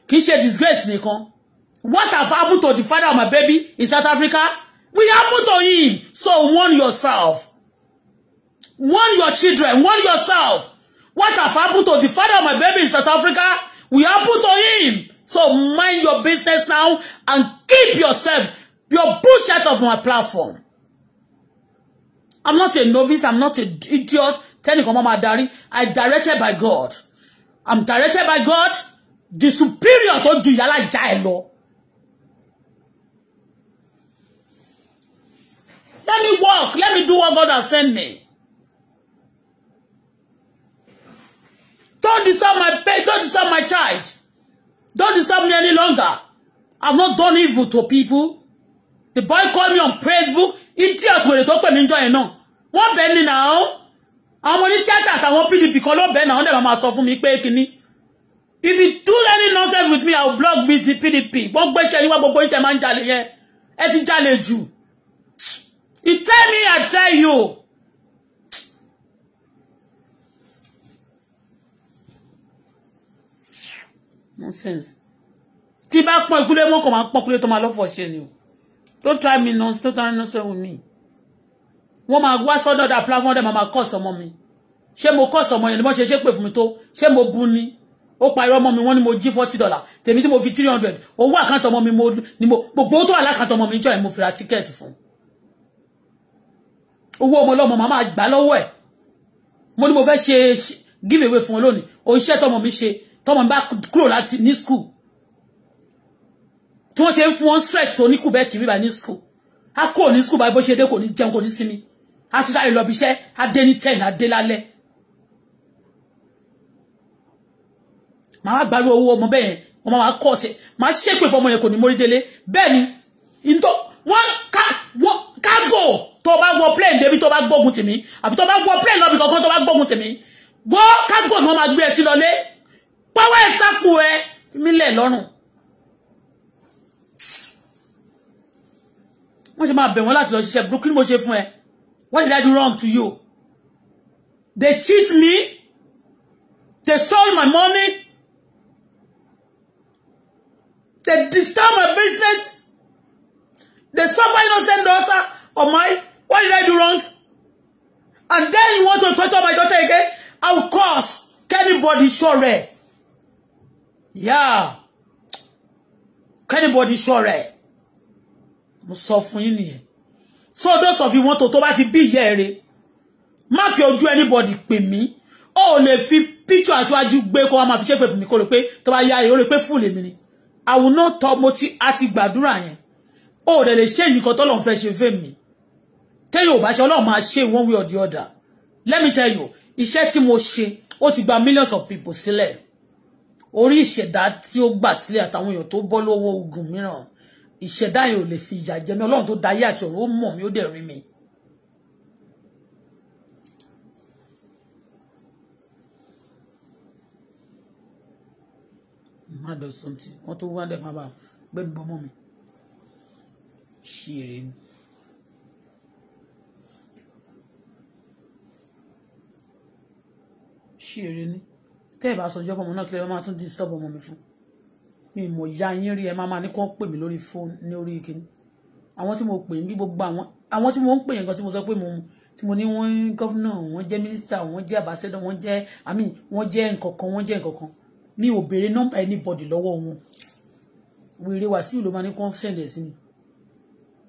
Speaker 1: kì í ṣe disgrace nìkan What have happened to the father of my baby in South Africa? We happened to him. So warn yourself warn your children warn yourself what have happened to the father of my baby in South Africa will happen to him so mind your business now and keep yourself your bullshit off my platform I'm not a novice I'm not an idiot tẹnìkan mọ́ máa darí I directed by God I'm directed by God the superior tó do ìyálà jailo. Let me walk. Let me do what God has sent me. Don't disturb my pet. Don't disturb my child. Don't disturb me any longer. I've not done evil to people. The boy called me on Facebook. Idiot wèrè tó pè mí níjọ́ yẹn náà. Wọ́n bẹ̀ ni náà. Àwọn onítìátà àtàwọn PDP kan ló bẹ̀ náà. Wọ́n dẹ̀ máa sọ fún mi pé If you do any nonsense with me, I'll block with the PDP. Wọ́n gbé iṣẹ́ yín wá gbogbo yín tẹ̀ máa ń jalè yẹn. Ẹ e ti He tell me I tell you. nonsense tí bá pọ́n ìkúlé mọ́ kàn máa pọ́n ìkúlé tó máa lọ́fọ̀ ṣe ni o don't try me nonsense don't try nonsense with me wọ́n máa wá sọ́dọ̀ dà platform dẹ̀ máa máa kọ́ sọmọ mi ṣé mo kọ́ sọmọ yẹn ni wọ́n ṣe ṣépè fún mi tó ṣé mo bu ni ó parí ọmọ mi wọ́n ní mo jí forty dollar tèmi tí mo fi three hundred owó àkáǹtì ọmọ mi ni mo gbogbo tó wà lákàtọ̀ ọmọ mi jọ ẹ̀ mo fi ra tíkẹ́ẹ̀tì fún owó ọmọ ọlọ́mọ màá máa gbà lọ́wọ́ ẹ̀ mo ní mo fẹ́ ṣe give away fún ọ lónìí òṣìṣẹ́ tọmọ mi ṣe tọmọ bá kúrò láti ní school tí wọ́n ṣe ń fún wọn stress tó ní kùbẹ́ẹ̀kì bíbá ní school a kúrò ní school báyìí bó ṣe dé kò ní jẹun kò ní sinmi a tún sáré lọ bí iṣẹ́ a dé ní ten a dé lálẹ́ màá wá gbárù owó ọmọ bẹ́ẹ̀ wọ́n máa kọ́ ọ̀sẹ̀ màá ṣépè fún ọmọ yẹn kò ní mórí délé bẹ́ẹ̀ ni ntọ́ wọ́n ká wọ́n kágò tó bá wọ plane débi tó bá gbógun tèmi àbí tó bá wọ plane lọ́bì kankan tó bá gbógun tèmi gbọ́ kágò ni wọ́n máa gbé ẹ sí lọlé pọ́wọ́ ẹ̀ sápò ẹ fi mí lẹ̀ lọ́rùn wọ́n ṣe máa bẹ̀ wọ́n láti lọ ṣiṣẹ́ burúkú ni mo ṣe fún ẹ what did I do wrong to you they cheat me they stole my money they disturb my business they suffer innocent daughter of my. what did I do wrong and then you want to torture my daughter again I will curse anybody sure yeah kẹ́nìbọ̀dì ṣọ́ra ẹ̀ mo sọ fún yín nìyẹn so those of you want to tó bá ti bí ìyá ẹ̀rẹ́ má fi ojú anybody pè mí ó lè fi picture aṣáájú gbé kó wá máa fi ṣépè fún mi kó rò pé tó bá yá rẹ̀ ó rò pé fúlè mi ni àwọn náà tọ́ mo ti a ti gbàdúrà yẹn ó dẹ̀ lè ṣe nǹkan tọ́lọ́run fẹ́ ṣe fẹ́ mi tẹ́yìn ò bá ṣe ọlọ́run máa ṣe one way or the other let me tell you iṣẹ́ tí mo ṣe ó ti gba millions of people sílẹ̀ orí ìṣẹ̀dá tí ó gbà sílẹ̀ àtàwọn èèyàn tó bọ́ lọ́wọ́ ogun mìíràn ìṣẹ̀dá yìí ò lè fi ìjà jẹ mí ọlọ́run tó dayé àti ọ̀rọ̀ ó mọ̀ mí ó dẹ̀ rí mi. má lọ sọ́ntì wọ́n tó wálẹ̀ má bàa gbẹ́nu bọ́mọ́ mi ṣeré ni. ṣeré ni tẹ́ ẹ̀ bá sọjọ́ fọmọ náà kí lè máa tún disturb ọmọ mi fún mi mọ̀ ya yín rí ẹ máa máa ní kó pè mí lórí fóònù ní orí kíní àwọn tí mo pè ní gbogbo àwọn àwọn tí mo ń pè yẹn gan tí mo sọ pé mo tí mo ní wọ́n gọ́fúnà wọ́n jẹ́ mínísítà wọ́n jẹ́ àbáṣẹ́dọ̀ wọ́n jẹ́ àmì wọ́n jẹ́ nǹkankan wọ́n jẹ́ nǹkankan mi ò béèrè nọ́mbà anybody lọ́wọ́ wọn wèrè Wàsíù ló máa ní consent ẹ̀ sí mi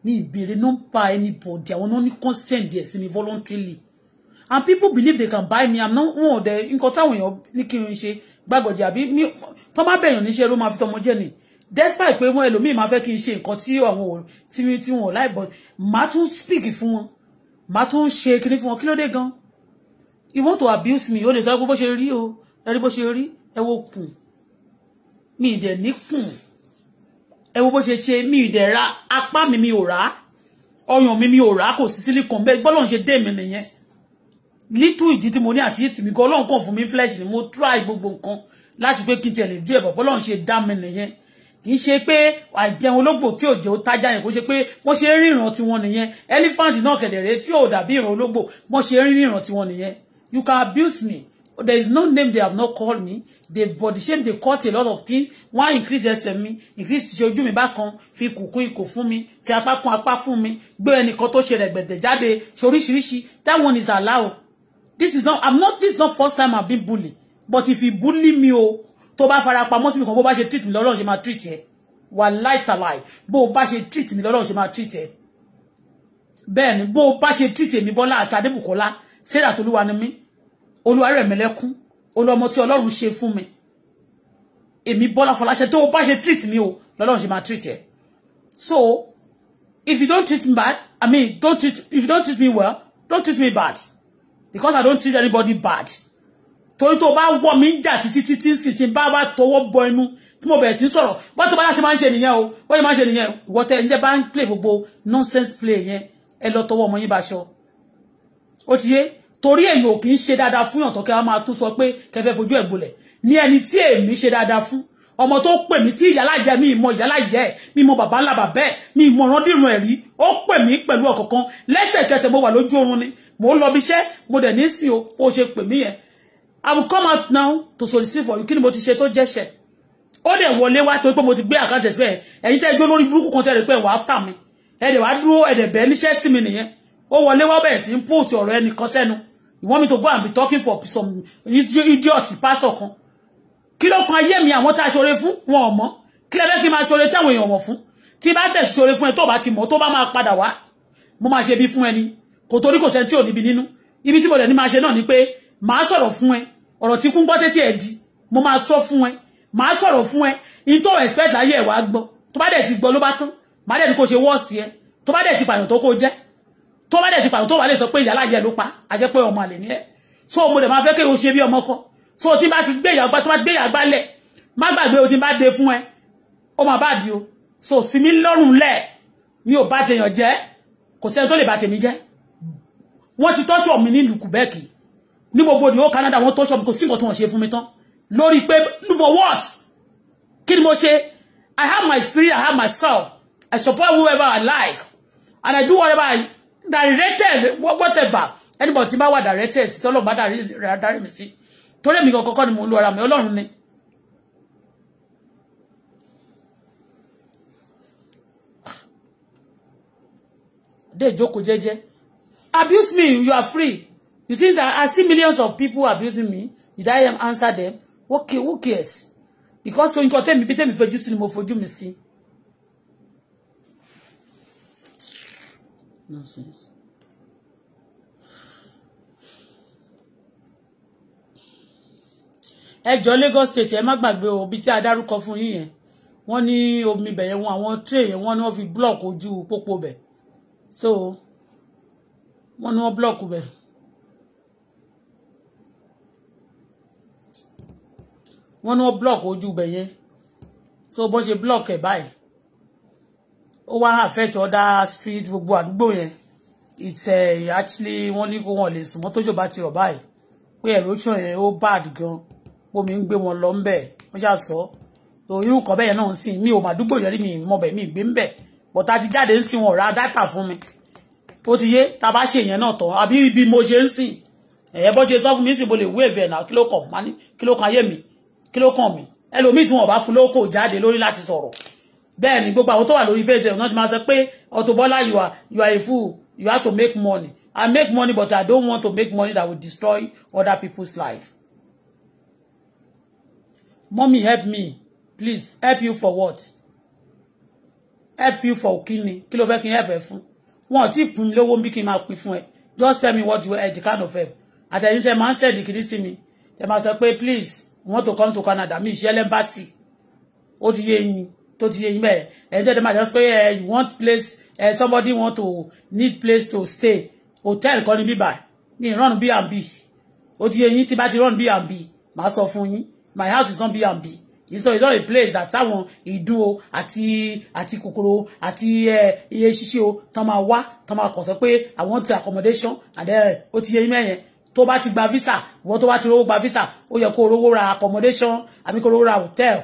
Speaker 1: mi ìbèrè nọ́mbà anybody àwọn náà ní consent ẹ̀ sí mi voluntarily and people believe they can buy me i'm not one of dẹ nǹkan táwọn èèyàn ní kí n ṣe gbàgọ̀dì àbí mi tọ́ má bẹ̀yàn níṣẹ́ ló máa fi tọmọ jẹ́ ni despite pé wọn ẹlòmíì máa fẹ́ kí n ṣe nǹkan tí àwọn ò tí mi tí wọn ò láì bọ̀ màá speak fún wọn màá tún ṣe kinní fún wọn kí ló gan you want to abuse me o lè sọ pé bó ṣe rí o ẹ rí bó ṣe rí ẹ wo kùn mi ì dẹ̀ ní kùn ẹ wo bó ṣe ṣe mi ì dẹ̀ ra apá mi mi ò rà ọyàn mi mi ò rà kò sí sílíkùn bẹ́ẹ̀ gbọ́dọ̀ ń ṣe mi nìyẹn little ìdí tí mo ní àti ìtì mi gan ọlọ́run kàn fún mi flesh ni mo try gbogbo nǹkan láti pé kí n tiẹ̀ lè dú ẹ̀bọ̀ bọ́lọ́run ṣe dá mi nìyẹn kì í ṣe pé àìjẹun ológbò tí ò jẹ́ ó tájá yẹn kó ṣe pé wọ́n ṣe ríran tiwọn nìyẹn elephant náà kẹ̀dẹ̀rẹ́ tí ò dàbí ìran ológbò wọ́n ṣe ríran tiwọn nìyẹn you can abuse me there is no name they have not called me they body shame they cut a lot of things wọ́n increase ẹsẹ̀ mi increase ṣe ojú mi bákan fi kùkún ikò fún mi fi apá kún apá fún mi gbé ẹnìkan tó ṣe rẹ̀gbẹ̀dẹ̀ jáde ṣe oríṣiríṣi that one is allowed this is not i'm not this is not first time i've been bullied but if you bully me oh, tó bá fara pamọ́ sí mi kan bó bá ṣe treat mi lọ́lọ́run ṣe máa treat ẹ wà láìtàláì bó o bá ṣe treat mi lọ́lọ́run ṣe máa treat ẹ bẹ́ẹ̀ ni bó o bá ṣe treat èmi Bọ́lá àti Adébùkọ́lá Sarah tolúwa ni mí olúwa rẹ̀ mẹ́lẹ́kún olọ́mọ tí ọlọ́run ṣe fún mi èmi Bọ́lá Fọláṣẹ tó o bá ṣe treat mi o lọ́lọ́run ṣe máa treat ẹ so if you don't treat me bad i mean don't treat if you don't treat me well don't treat me bad because I don't treat anybody bad torí tó bá wọ̀ mí ń jà títí títí sì ti bá wá tọwọ́ bọ ẹnu tí mo bẹ̀rẹ̀ sí sọ̀rọ̀ bọ́n tó bá láti máa ń ṣe nìyẹn o bọ́n yìí máa ń ṣe nìyẹn ìwọ tẹ ẹ play gbogbo nonsense play yẹn ẹ lọ tọwọ́ ọmọ yín bá aṣọ ó ti yé torí èyàn ò kì í ṣe dáadáa fún yàn tó kẹ́ wá máa tún sọ pé kẹfẹ́ fojú ẹ̀ gbolẹ̀ ní ẹni tí èmi ṣe ọmọ tó pè mí tí ìyálàjẹ mi ìmọ̀ ìyálàjẹ mi mọ bàbá ńlá bàbẹ́ mi ìmọ̀ ìrandíran ẹ̀rí ó pè mí pẹ̀lú ọ̀kọ̀ọ̀kan lẹ́sẹ̀kẹsẹ̀ mo wà lójú oorun ni mo ń lọ bí iṣẹ́ mo dẹ̀ ní sìn o ó ṣe pè mí yẹn I will come out now to you kí ni mo ti ṣe tó jẹ́ṣẹ̀ ó dẹ̀ wọlé wá torí pé mo ti gbé àkáǹtì ẹ̀sìn bẹ́ẹ̀ ẹ̀yin jó lórí burúkú kan tẹ́lẹ̀ pé wà áfítà mi ẹ̀dẹ̀ wá dúró ẹ̀dẹ̀ bẹ́ẹ̀ níṣẹ́ sí mi nìyẹn ó wọlé wá bẹ̀rẹ̀ sí ń pòtì ọ̀rọ̀ ẹnìkan sẹ́nu you want me to go talking for some idiot pastor kan kí ló kan ayé mi àwọn tá a ṣoore fún wọn ò mọ̀ kí lẹ́fẹ́ kí n máa ṣoore táwọn èèyàn mọ̀ fún tí bá dẹ̀ ṣoore fún ẹ tó bá ti mọ̀ tó bá máa padà wá mo máa ṣe bí fún ẹni kò torí kò sẹ́ni tí ò níbi nínú ibi tí mo dẹ̀ ní máa ṣe náà ni pé màá sọ̀rọ̀ fún ẹ ọ̀rọ̀ tí kún gbọ́ tẹ́tí ẹ̀ di mo máa sọ fún ẹ màá sọ̀rọ̀ fún ẹ in tó respect láyé ẹ̀ wá gbọ́ tó bá dẹ̀ ti gbọ́ ló bá tán màá dẹ̀ ní kó ṣe wọ́ọ̀sì ẹ tó bá dẹ̀ ti pààyàn tó kó jẹ́ tó bá dẹ̀ ti pààyàn tó wà lè sọ pé ìyá láyé ẹ ló pa àjẹpẹ́ ọmọ àlè ní ẹ so mo dẹ̀ máa fẹ́ kéwòn ṣe bí ọmọ kọ́ so tí n bá ti gbé ìyàgbá tó bá ti gbé ìyàgbá lẹ̀ má gbàgbé o tí n bá dé fún ẹ ó máa bá di o so fi mí lọ́rùn lẹ̀ mi ò bá tèèyàn jẹ́ kò sẹ́ni tó lè bá tèmi jẹ́ wọ́n ti tọ́ṣọ̀ mi nílùú Quebec ní gbogbo ìdíwọ́ Canada wọ́n tọ́ṣọ̀ mi kò sí nǹkan tó wọ́n ṣe fún mi tán lórí pé for what kí ni mo ṣe I have my spirit I have my soul I support whoever I like and I do whatever I directed whatever anybody tí bá wà directed sí tọ́lọ́ bá darí mi sí torí èmi kan kọ́kọ́ ni mo ń lo ara mi ọlọ́run ni. dé ìjókòó jẹ́jẹ́ abuse me you are free you think that I see millions of people abusing me did I answer them okay who cares because oyin kan tẹ́mi bí tẹ́mi fojú sí ni mo fojú mi sí. nonsense. ẹjọ́ Lagos state ẹ má gbàgbé òbí tí a dárúkọ fún yín yẹn wọ́n ní omi bẹ̀yẹ̀ wọn àwọn tray yẹn wọ́n ní wọ́n fi block ojú pópó bẹ̀ so wọ́n ní wọ́n block bẹ̀. wọ́n ní wọ́n block ojú bẹ̀ yẹn so bó ṣe block ẹ̀ báyìí ó wá affect other street gbogbo àdúgbò yẹn it's uh, actually wọ́n ní kó wọ́n lè sùn mọ́tòjò bá ti rọ̀ báyìí pé erosion yẹn ó bad gan omi ń gbé wọn lọ ńbẹ̀ wọ́n ṣáà sọ tó irú kan bẹ́ẹ̀ náà ń sìn mi ò mà dúgbò yẹrí mi mọ̀bẹ̀ mi gbé ńbẹ̀ bọ̀tá ti jáde ń sìn wọn ra dátà fún mi ó ti yé ta bá ṣe ìyẹn náà tán àbí ibi mo ṣe ń sìn ẹ̀yẹ́ bọ́ ṣe sọ fún mi sì mo lè wé ìfẹ́ náà kí ló kàn mí kí ló kàn ayé mi kí ló kàn mí ẹlòmíì tí wọn bá fún lóko jáde lórí láti sọ̀rọ̀ bẹ́ẹ̀ ni gbogbo àwọn tó wà lórí fẹ́ẹ̀dẹ̀ náà ti máa sọ pé Auto you are you are a fool you have to make money I make money but I don't want to make money that will destroy other people's life mommy help me please help you for what help you for kíni kí ló fẹ́ help ẹ fún wọn ò tí ì pin mi lówó bí kí n pin fún ẹ just tell me what you are. the kind of help àtẹ̀yìn you, máa man said kìíní sí mi ẹ máa sọ pé please we want to come to Canada mi ìṣe embassy. ó ti yé yín tó ti yé yín bẹ́ẹ̀ ẹ̀yin tẹ́lẹ̀ máa just pé eh, you want place uh, somebody want to need place to stay hotel kan ní bíbà mi ìrànú B&B ó ti yé yín tí bá ti rán B&B màá sọ fún yín my house is not B&B it's not, it's not a place that táwọn ìdun o àti àti kòkòrò àti iye ṣíṣe o tán máa wá tán máa kàn sọ pé i want accommodation and then ó ti yẹ yín mẹ́yẹn tó bá ti gba visa ìwọ tó bá ti rówó gba visa ó yẹ kó rówó ra accommodation àbí kó rówó ra hotel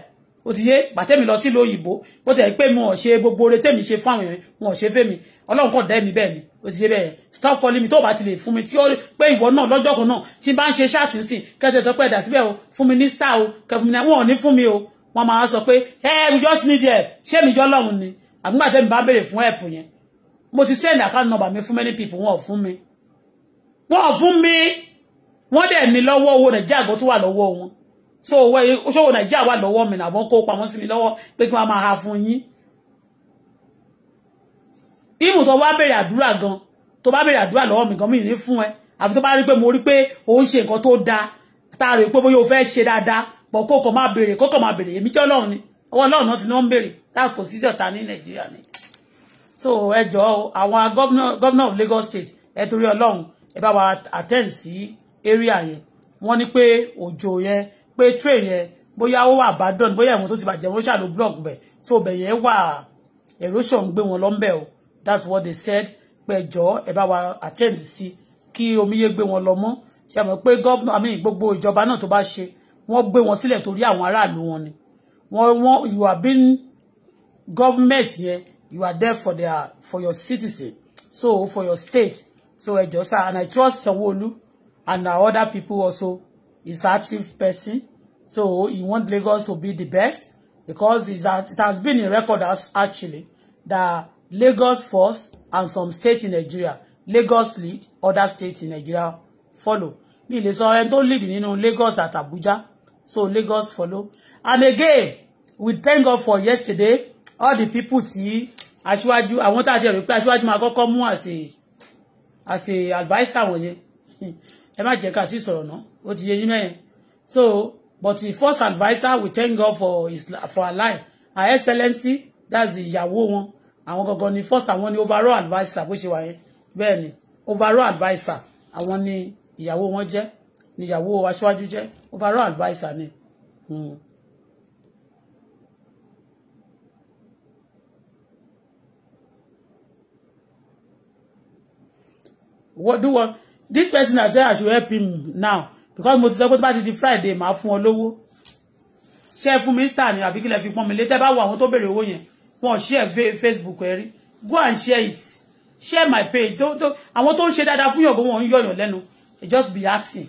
Speaker 1: ó ti yé gbàtẹ́mi lọ sílùú òyìnbó bó tẹ̀ pé mo ò ṣe gbogbo oore tẹ́mi ṣe fún àwọn èèyàn mo ò ṣe fẹ́mi ọlọ́run kàn dá ẹ̀mí bẹ́ẹ̀ ni o ti ṣe stop calling me. tó bá ti lè fún mi tí ó pé ìwọ náà lọ́jọ́ kan náà tí n bá ń ṣe ṣáàtì sí kẹsẹ̀ sọ pé ẹ̀dà síbẹ̀ o fún mi ní star o kẹfún mi náà wọn ò ní fún mi o wọn máa sọ pé ẹ we just need help ṣé mi jọ lọ́run ni àbúgbà tẹ́mi bá béèrè fún help yẹn mo ti send account number mi fún many people wọn ò fún mi wọn ò fún mi wọn dẹ̀ ní lọ́wọ́ owó nàìjíríà gbọ́ tó wà lọ́wọ́ wọn so owó ṣòwò nàìjíríà wà lọ́wọ́ mi nàbọ́n kó pamọ́ sí mi lọ́wọ́ pé kí wọ́n máa ha fún yín imu tó bá bèrè àdúrà gan tó bá bèrè àdúrà lọ́wọ́ mi gan mi ní fún ẹ àfi tó bá rí pé mo rí pé ó ń ṣe nǹkan tó dáa tá a rè pé bóyá o fẹ́ ṣe dáadáa pọ̀ kó kọ̀ máa bèrè kó kọ̀ máa bèrè èmi jẹ́ ni ọwọ́ ọlọ́run náà ti náà ń bèrè tá a kò sí jọ̀ta ní nàìjíríà ni. so ẹ jọ̀ọ́ àwọn gọ́vnà of Lagos State e torí ọlọ́run e ba wa attend sí area yẹn wọ́n ní pé òjò yẹn pé train yẹn bóyá ó wà abandon bóyá ìwọ̀n tó ti bàjẹ́ wọ́n ṣàlò block bẹ̀ so be yẹn wà erosion gbé wọn lọ́nbẹ̀ o that's what they said pẹjọ ẹ bá wa attend sí kí omiyé gbé wọn lọ mọ́ ṣe mọ̀ pé gọvnọ àmì gbogbo ìjọba náà tó bá ṣe wọ́n gbé wọn sílẹ̀ torí àwọn aráàlú wọn ni wọ́n wọ́n you are been government here. you are there for their for your citizen so for your state so ẹjọ sir and I trust Sanwó-Olu and other people also is active person so he want Lagos to be the best because it has been in record as actually that Lagos first and some states in Nigeria Lagos lead other states in Nigeria follow mi lè sọ ẹni tó lead know. Lagos at Abuja so Lagos follow and again we thank God for yesterday all the people tí aṣíwájú àwọn tá a ti rò pé aṣíwájú máa kọ́kọ́ mú àṣẹ àṣẹ adviser wọ̀nyẹn ẹ má jẹ́ ká ti sọ̀rọ̀ náà ó ti yé yín mẹ́rin so but the first advisor, we thank God for his for her life her excellency that's the ìyàwó one àwọn gangan ni first àwọn ni overall adviser bó ṣe wà yẹn bẹ́ẹ̀ ni overall adviser àwọn ni ìyàwó wọn jẹ́ ni ìyàwó aṣáájú jẹ́ overall adviser ni. Hmm. what do what this person has said I should help him now because mo ti sọ pé tó bá ti di Friday màá fún ọ lówó ṣé fún mínísítà ni àbí kí lè fi pọ́n mi lé tẹ́ bá wo àwọn tó béèrè owó yẹn wọn share facebook ẹ rí go and share it share my page tó tó àwọn tó ń ṣe dáadáa fún yọ̀gbọ́n wọn ń yọ̀yàn lẹ́nu they just be acting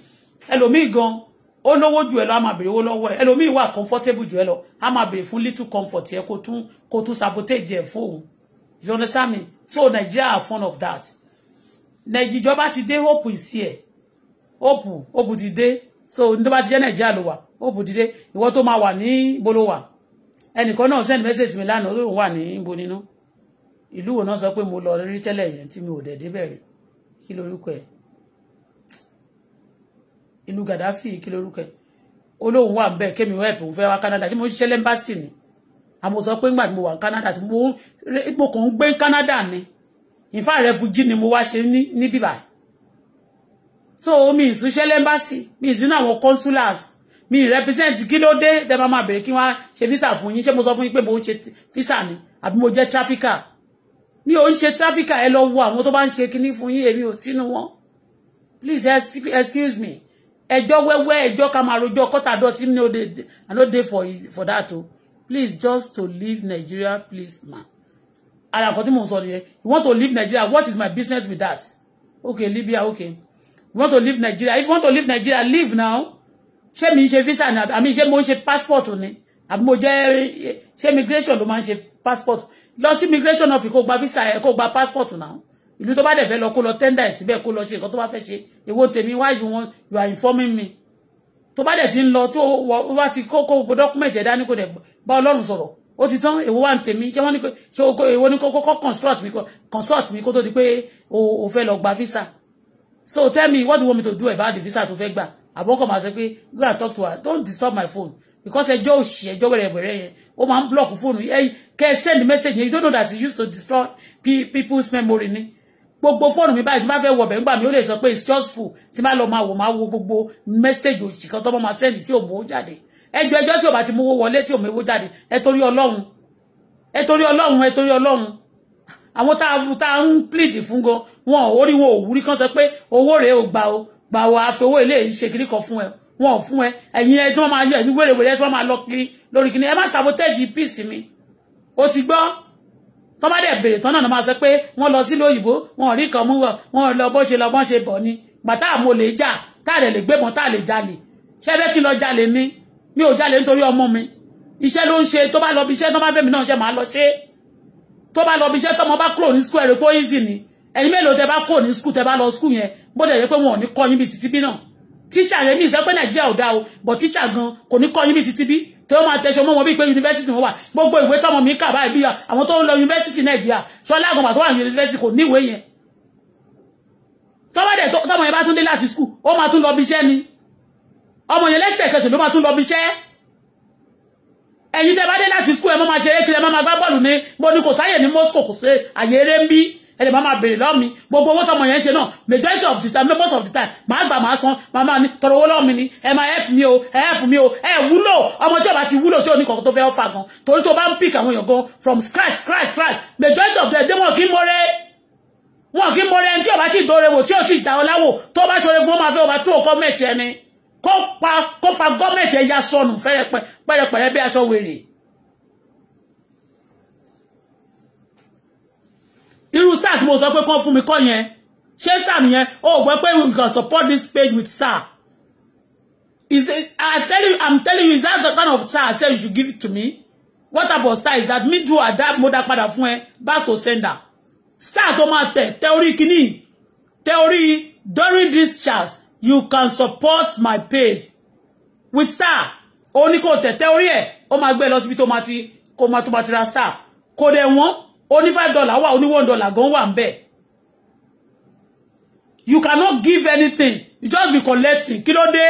Speaker 1: ẹlòmíì gan ó lówó jù ẹ lọ a máa béèrè owó lọ́wọ́ ẹ ẹlòmíì wà comfortable jù ẹ lọ a máa béèrè fún little comfort ẹ kó tún kó tún sabotage ẹ fóun you understand me so Nigeria are fond of that nàìjíjọba ti dé hope is here hope hope ti dé so nítorí bá ti jẹ́ Nigeria ló wà hope ti dé ìwọ tó máa wà ní bolo wà ẹnìkan náà send message mi lánàá olóòrùn wà ní ibo nínú ìlú wo náà sọ pé mo lọ rí tẹ́lẹ̀ yẹn tí mi ò dẹ̀ débẹ̀ rí kí lorúkọ ẹ̀ ìlú Gaddafi kí lorúkọ ẹ̀ olóòrùn wà bẹ́ẹ̀ kémi wẹ́ẹ̀pù fẹ́ wá Canada tí mo ṣiṣẹ́ lẹ́mbàsì ni àmọ́ sọ pé ńgbà tí mo wà Canada tí mo kàn ń gbé Canada ni in fact ni mo wá ṣe ní bíbá so mi ìṣiṣẹ́ lẹ́mbàsì mi ìṣiná àwọn consulars mi represent kí ló dé tẹ́ máa máa bèrè kí wọ́n ṣe visa fún yín ṣé mo sọ fún yín pé mo ń ṣe visa ni àbí mo jẹ́ trafficker mi ò ń ṣe trafficker ẹ lọ wo àwọn tó bá ń ṣe kinní fún yín èmi ò sínú wọn please excuse me ẹjọ́ wẹ́wẹ́ ẹjọ́ ká máa rojọ́ kọ́tà dọ̀tí ní òde i no dey for for that o please just to leave nigeria please ma ara nǹkan tí mo ń sọ nìyẹn you want to leave nigeria what is my business with that okay libya okay you want to leave nigeria if you want to leave nigeria leave now ṣé mi ṣe visa ni àbí ṣé mo ń ṣe passport ni àbí mo jẹ́ ṣé immigration ló máa ń ṣe passport lọ sí immigration office kó gba visa ẹ kó gba passport náà ìlú tó bá dẹ̀ fẹ́ lọ kó lọ tender ẹ̀ síbẹ̀ kó lọ ṣe nǹkan tó bá fẹ́ ṣe èwo tèmi why you want you are informing me tó bá dẹ̀ ti ń lọ tó wá ti kó kó gbogbo document ẹ̀ dání kó dẹ̀ bá ọlọ́run sọ̀rọ̀ ó ti tán èwo wà ń tèmi ṣé wọ́n ní ṣé èwo ní kókó consult mi consult mi kó tó di pé o fẹ́ lọ gba visa so tell me what do you want me to do about the visa tó fẹ́ gbà àbọ̀kọ̀ máa sọ pé go and talk to her don't disturb my phone because ẹjọ́ òṣì ẹjọ́ wẹ̀rẹ̀wẹ̀rẹ̀ yẹn ó máa ń block fóònù yẹn kẹ́ ẹ send message you don't know that it used to disturb people's memory ni gbogbo fóònù mi báyìí tí n bá fẹ́ wọ̀ bẹ́ẹ̀ nígbà mi ó lè sọ pé it's just full tí n bá lọ máa wò máa wo gbogbo message òṣì kan tó máa send tí ò mú jáde ẹjọ́ ẹjọ́ tí ò bá ti mú owó wọlé tí ò mú owó jáde ẹ torí ọlọ́run ẹ torí ọlọ́run àwọn tá a ń plead fún gan wọn orí wọn ò wúrí kan sọ pé owó rèé ò gbà o ba wa fowó ilé yìí ṣe kiri kan fún ẹ wọn ò fún ẹ ẹ̀yin ẹ tí wọ́n máa yọ ẹ̀yin wèrèwèrè tí wọ́n kiri lórí kiri ẹ má sabotage peace mi o ti gbọ́ tọ́ bá dẹ̀ bèrè tán náà máa sọ pé wọ́n lọ sílùú òyìnbó wọn ò rí kan mú wọ wọn ò lọ bó ṣe lọ bó ṣe ni gbàtà àmọ́ lè jà tá a lè lè gbébọn tá a lè jalè ṣé fẹ́ kí n lọ jalè mi mi ò jalè nítorí ọmọ mi iṣẹ́ ló ń ṣe tó bá lọ bí iṣẹ́ tó bá fẹ́mi náà ṣe máa lọ ṣe tó bá lọ bí iṣẹ́ tọmọ bá kúrò ní square rẹ̀ easy ni ẹ̀yin mélòó tẹ bá kò ní skul tẹ bá lọ skul yẹn bóde yẹ pé wọn ò ní kọ́ yín bí títí bí náà tíṣà yẹn mi ìfẹ́ pé nàìjíríà ò dáa o bọ̀ tíṣà gan kò ní kọ́ yín bí títí bí tí wọ́n máa tẹ̀sọ́ mọ́ wọn bíi pé yunifásitì wọn wà gbogbo ìwé tọmọ mi kà báyìí bí àwọn tó ń lọ yunifásitì nàìjíríà sọlá àgànbà tó wà yunifásitì kò ní ìwé yẹn tọ́wọ́dẹ̀ tọmọ yẹn bá tún dé láti skul ó máa tún lọ bíṣẹ́ ni ọmọ yẹn lẹ́sẹ̀ kẹsàn ló máa tún lọ bíṣẹ́ ẹ̀yin tẹ bá dé láti skul ẹ mọ́ máa ṣeré kiri ẹ mọ́ máa gbá bọ́ọ̀lù ní mo ní kò sáyè ní moscow kò sí àyè eré ń bí ẹ̀dẹ̀ máa máa béèrè lọ́wọ́ mi gbogbo owó tọmọ yẹn ń ṣe náà majority of the time most of the time màá gbà màá san màá máa ní tọrọ owó lọ́wọ́ mi ni ẹ máa help mi o ẹ help mi o ẹ wúlò ọmọ tí o bá ti wúlò tí o ní kọ̀ọ̀kan tó fẹ́ ọ̀fà gan torí tó bá ń pick àwọn èèyàn gan from scratch scratch scratch majority of the day wọn kì í mọ́rẹ́ wọn kì í mọ́rẹ́ ẹni tí o bá ti dóore wò tí o ti dà ọ láwò tó bá ṣoore fún ọ máa fẹ́ ọba tó kọ́ mẹ́tì ẹni kó pa kó fa gọ́mẹ̀tì ẹ̀yà sọnù fẹ́rẹ̀pẹ̀rẹ̀ bí aṣọ wèrè irú star tí mo sọ pé kán fún mi kọ́ yẹn ṣé star nìyẹn ó gbọ́ pé we can support this page with star is it, I tell you I'm telling you is that the kind of star I say you should give it to me what about of star is that me do ada mo dá padà fún ẹ back to sender star tó máa tẹ̀ tẹ orí kìíní tẹ during this chat you can support my page with star ó ní kò tẹ̀ tẹ orí ẹ̀ ó máa gbé lọ síbi tó máa ti kó máa tó máa ti ra star kò dẹ̀ wọ́n. Only five dollar wà Only one dollar gan wà ń you cannot give anything you just be collecting kí ló dé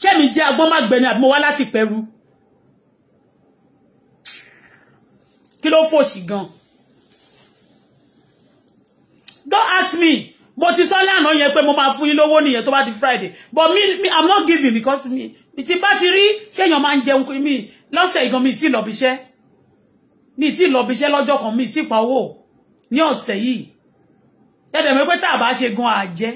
Speaker 1: ṣé mi jẹ́ agbọ́nmágbẹ́ni àbí mo wá láti pẹ̀rú kí ló fòṣì gan don't ask me mo ti sọ lánàá yẹn pé mo máa fún yín lówó nìyẹn tó bá di friday but me, me i'm not giving because me ti battery ti rí ṣéèyàn máa ń jẹun mi lọ́sẹ̀ ìgan mi ti lọ bí iṣẹ́ mi ti lọ bíṣẹ́ lọ́jọ́ kan mi ti pa owó ní ọ̀sẹ̀ yìí ẹ̀dẹ̀ mi pé tá a bá ṣe gan àjẹ́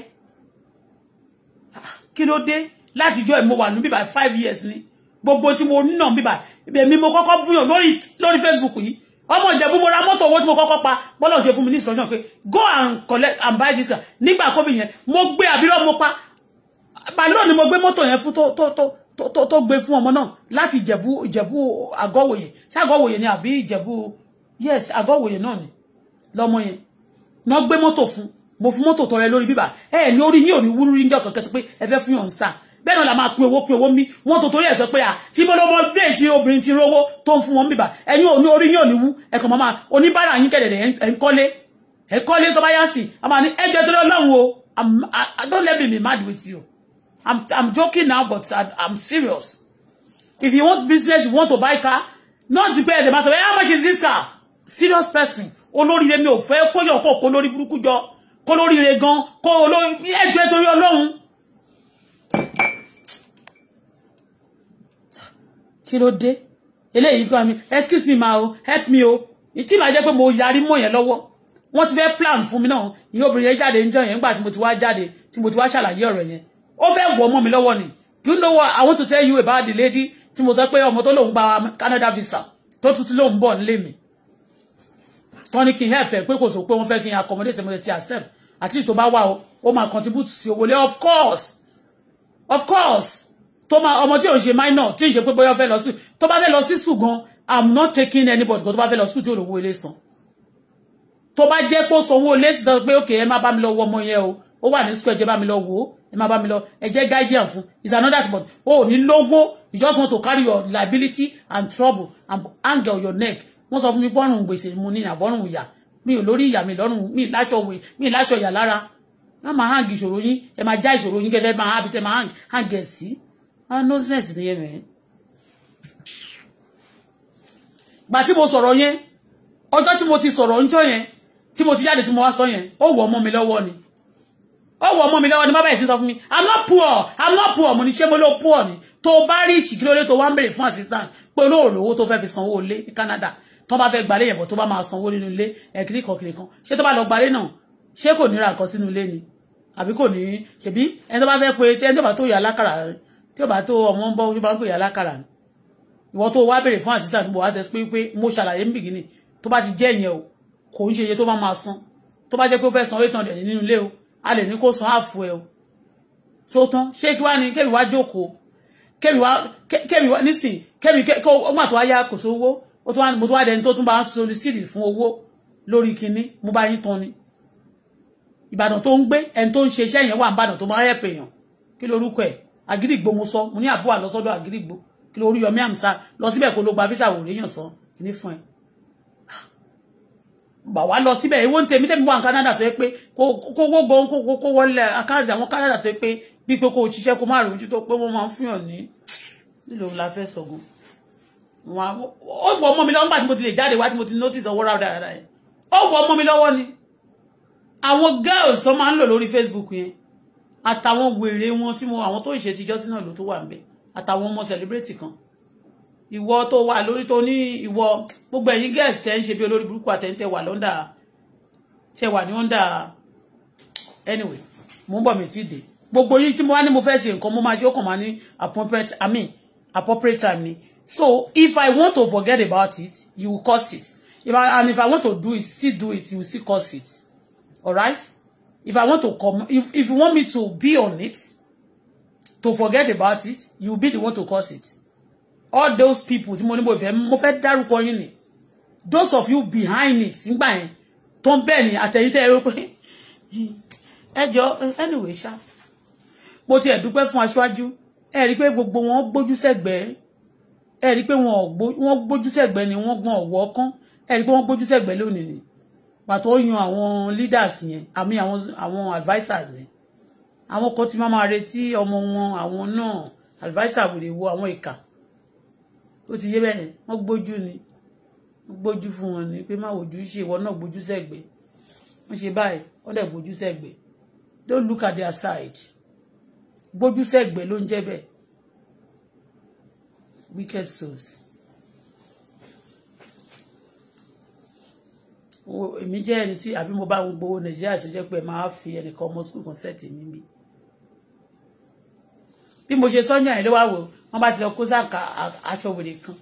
Speaker 1: kí ló dé látijọ́ ẹ̀ mo wà níbí by five years ni gbogbo tí mo nínà bíbà èmi mo kọ́kọ́ fúnyàn lórí lórí Facebook yìí ọmọ ìjẹ̀bú mo ra mọ́tò owó tí mo kọ́kọ́ pa bọ́lá ṣe fún mi ní instruction pé go and collect and buy this nígbà kóbì yẹn mo gbé àbírọ́ mo pa bàlúrò ni mo gbé mọ́tò yẹn fún tó tó tó tó gbé fún ọmọ náà láti ìjẹ̀bú ìjẹ̀bú àgọ́wòye ṣé àgọ́wòye ni àbí ìjẹ̀bú yes àgọ́wòye náà ni lọ́mọ yẹn náà gbé mọ́tò fún mo fún mọ́tò tọrẹ lórí bíbà ẹ ẹ ní orí yín ò ní wúrú rí ń jẹ́ ọ̀kan kẹsí pé ẹ fẹ́ fún yàn ń sà bẹ́ẹ̀ náà la máa pín owó pín owó mí wọ́n tó torí ẹ̀ sọ pé à tí bọ́lá ọmọ dé tí obìnrin ti rówó tó ń fún wọn bíbà ẹ̀yin ò ní orí yín ò ní wú ẹ̀kan máa oníbàárà yín kẹ̀dẹ̀dẹ̀ ẹ̀ ń kọ́lé ẹ̀ kọ́lé tó bá yá sí i a máa ní ẹ̀jẹ̀ torí ọlọ́run don't let me be mad with you I'm, I'm joking now, but I, I'm serious. If you want business, you want to buy car, not to pay the master. How much is this car? Serious person. Olórí rẹ̀ mi ò fẹ́ kó yọ ko ko lórí burúkú jọ. Ko lórí rẹ̀ gan, ko olórí ẹjọ́ ẹ torí Ọlọ́run. Kí ló dé? Eléyìí ko mi. Excuse me ma o, help me o. Iti ma jẹ́ pé mo yari mọ́ yẹn lọ́wọ́. Wọ́n ti fẹ́ plan fún mi náà. Ìyóbìnrin yẹn jáde ńjọ́ yẹn nígbà tí mo ti wá jáde, tí mo ti wá ṣàlàyé ọ̀rọ̀ yẹn ó fẹ́ wọ̀ mọ́ mi lọ́wọ́ ni do you know what i want to tell you about the lady tí mo sọ pé ọmọ tó lòun gba canada visa tó tuntun lòun bọ̀ nílé mi tán ní help ẹ pé kò sọ pé wọ́n fẹ́ kí accommodate mo ti accept at least tó bá wà o ó contribute sí owó lé of course of course tó máa ọmọ tí ò ń ṣe minor tí ò ń ṣe pé bóyá fẹ́ lọ sí tó bá fẹ́ lọ gan i'm not taking anybody kan tó bá fẹ́ lọ school tí ò lówó ilé san tó bá jẹ́ pé ó sanwó ilé sí pé òkè ẹ má bá mi lọ wọ ọmọ yẹn o ó wà ní square ẹ jẹ́ bá mi lọ wò ó ẹ má bá mi lọ ẹ jẹ́ guardian fún it's another thing but o ò ní lówó you just want to carry your liability and trouble and hang on your neck wọ́n sọ fún mi bọ́rùn gbèsè mu ní àbọ̀rùn ìyà mi ò lórí ìyà mi lọ́rùn mi láṣọ wè mi láṣọ ìyà lára má máa hang ìṣòro yín ẹ máa já ìṣòro yín kẹfẹ́ máa hábi tẹ máa hang hang ẹ̀ sí ah nonsense nìyẹn mẹ́rin. gbà tí mo sọ̀rọ̀ yẹn ọjọ́ tí mo ti sọ̀rọ̀ ń jọ yẹn tí mo ti jáde tí mo wá sọ yẹn ó wọ̀ ọmọ mi lọ́wọ́ ni ọwọ́ ọmọ mi lọ́wọ́ ni bàbá ìsìn sọ fún mi i'm not poor i'm not poor mo ní ṣé mo lo poor ni tó bá rí ìṣìkìlólé tó wá ń béèrè fún assistant pé olóò lówó to fẹ́ fi sanwó ilé ní Canada tó bá fẹ́ gbalé yẹ̀bọ̀ tó bá máa sanwó nínú ilé ẹ̀kiri kọ̀kiri kan ṣé tó bá lọ gbalé náà ṣé kò ní ra nǹkan sínú ilé ni àbí kò ní ṣèbí ẹni tó bá fẹ́ pé tí ẹni tó bá tó yà lákàrà tí ó bá tó ọmọ ń bọ́ ojú bá ń pè yà lákàrà ìwọ tó wá béèrè fún assistant bò wá tẹ́ pé pé mo ṣàlàyé ń bìgínì To bá ti jẹ́ ìyẹn o kò ń ṣe iye tó bá san tó bá jẹ́ pé ó fẹ́ san eight hundred nínú o a lè ní kó san áàfù ẹ o tó tán ṣé kí wá ní kébì wá jókòó kébì wá kébì wá nísìn kébì kó o mà tó wá yá kò sówó ó tó wá mo tó wá dẹni tó tún bá ń solicit fún owó lórí kinní mo bá yín tán ni ìbàdàn tó ń gbé ẹni tó ń ṣe iṣẹ́ yẹn wà ń bàdàn tó máa yẹ̀ pèèyàn kí lorúkọ ẹ̀ àgídìgbò mo sọ mo ní àbúrò àlọ́sọ́dọ̀ àgídìgbò kí lórí yọmí àmì sá lọ síbẹ̀ kó ló gba físà wò léèyàn kí ní fún ẹ bà wá lọ síbẹ̀ èwo ń tèmi tèmi wà ní Canada tó yẹ pé kó gbogbo kó kó wọlé àkáǹtì àwọn Canada tó yẹ pé bí pé kó o ṣiṣẹ́ kó má rí ojú tó pé wọ́n máa ń fún yàn ní nílò la fẹ́ sọ̀gùn wọn ó wọ ọmọ mi lọ́wọ́ nígbà tí mo ti lè jáde wá tí mo ti notice ọwọ́ ráúdà rárá yẹn ó wọ mi lọ́wọ́ ni àwọn girls tó máa ń lò Facebook yẹn àtàwọn wèrè wọn tí mo àwọn tó ìṣètìjọ́sí náà ló tó wà ń bẹ àtàwọn ọmọ celebrity kan ìwọ tó wà lórí tó ní ìwọ gbogbo ẹ̀yin girls tẹ́ ń ṣe bí olórí burúkú àtẹ́ntẹ́ wà lọ́ndà tẹ́ wà ní ọ́ndà anyway mo ń bọ̀ mi ti dé gbogbo yín tí mo wá ní mo fẹ́ ṣe nǹkan mo máa ṣe ó kàn máa ní appropriate i mean appropriate time ni so if i want to forget about it you will cause it if I, and if i want to do it still do it you will still cause it alright if i want to come if if you want me to be on it to forget about it you be the one to cause it all those people tí mo ní mo fẹ́ mo fẹ́ dárúkọ yín ni those of you behind it nígbà yẹn tó ń bẹ́ẹ̀ ni àtẹ̀yìntẹ́ ẹ̀rọ pé ẹjọ́ anyway ṣá mo ti ẹ̀dúpẹ́ fún aṣáájú ẹ rí i pé gbogbo wọn gbójú sẹ́gbẹ̀ẹ́ ẹ rí i pé wọn gbójú sẹ́gbẹ̀ẹ́ ni wọ́n gbọ́n ọ̀wọ́ kán ẹ rí i pé wọ́n gbójú sẹ́gbẹ̀ẹ́ lónìí ni pàtó yan àwọn leaders yẹn àmì àwọn àwọn advisers yẹn àwọn kan tí máa máa retí ọmọ wọn àwọn náà adviser wò lè wo àwọn ìkà. E ó ti yé bẹ́ẹ̀ wọ́n gbójú ni wọ́n gbójú fún wọn ni pé má wojú ṣe ìwọ náà gbójú sẹ́gbẹ̀ẹ́ wọ́n ṣe báyìí wọ́n dẹ̀ gbójú sẹ́gbẹ̀ẹ́ don't look at their side gbójú sẹ́gbẹ̀ẹ́ ló ń jẹ́ bẹ́ẹ̀ wicked souls. èmi jẹ́ ẹni tí àbí mo bá ń gbowó nàìjíríà tó jẹ́ pé máa fi ẹnìkan ọmọ sukùl kan sẹ́ẹ̀tì mi bí mo ṣe sọ́yìn àìlówà wò ó wọ́n bá ti lọ kó sáà aṣọ wèrè kan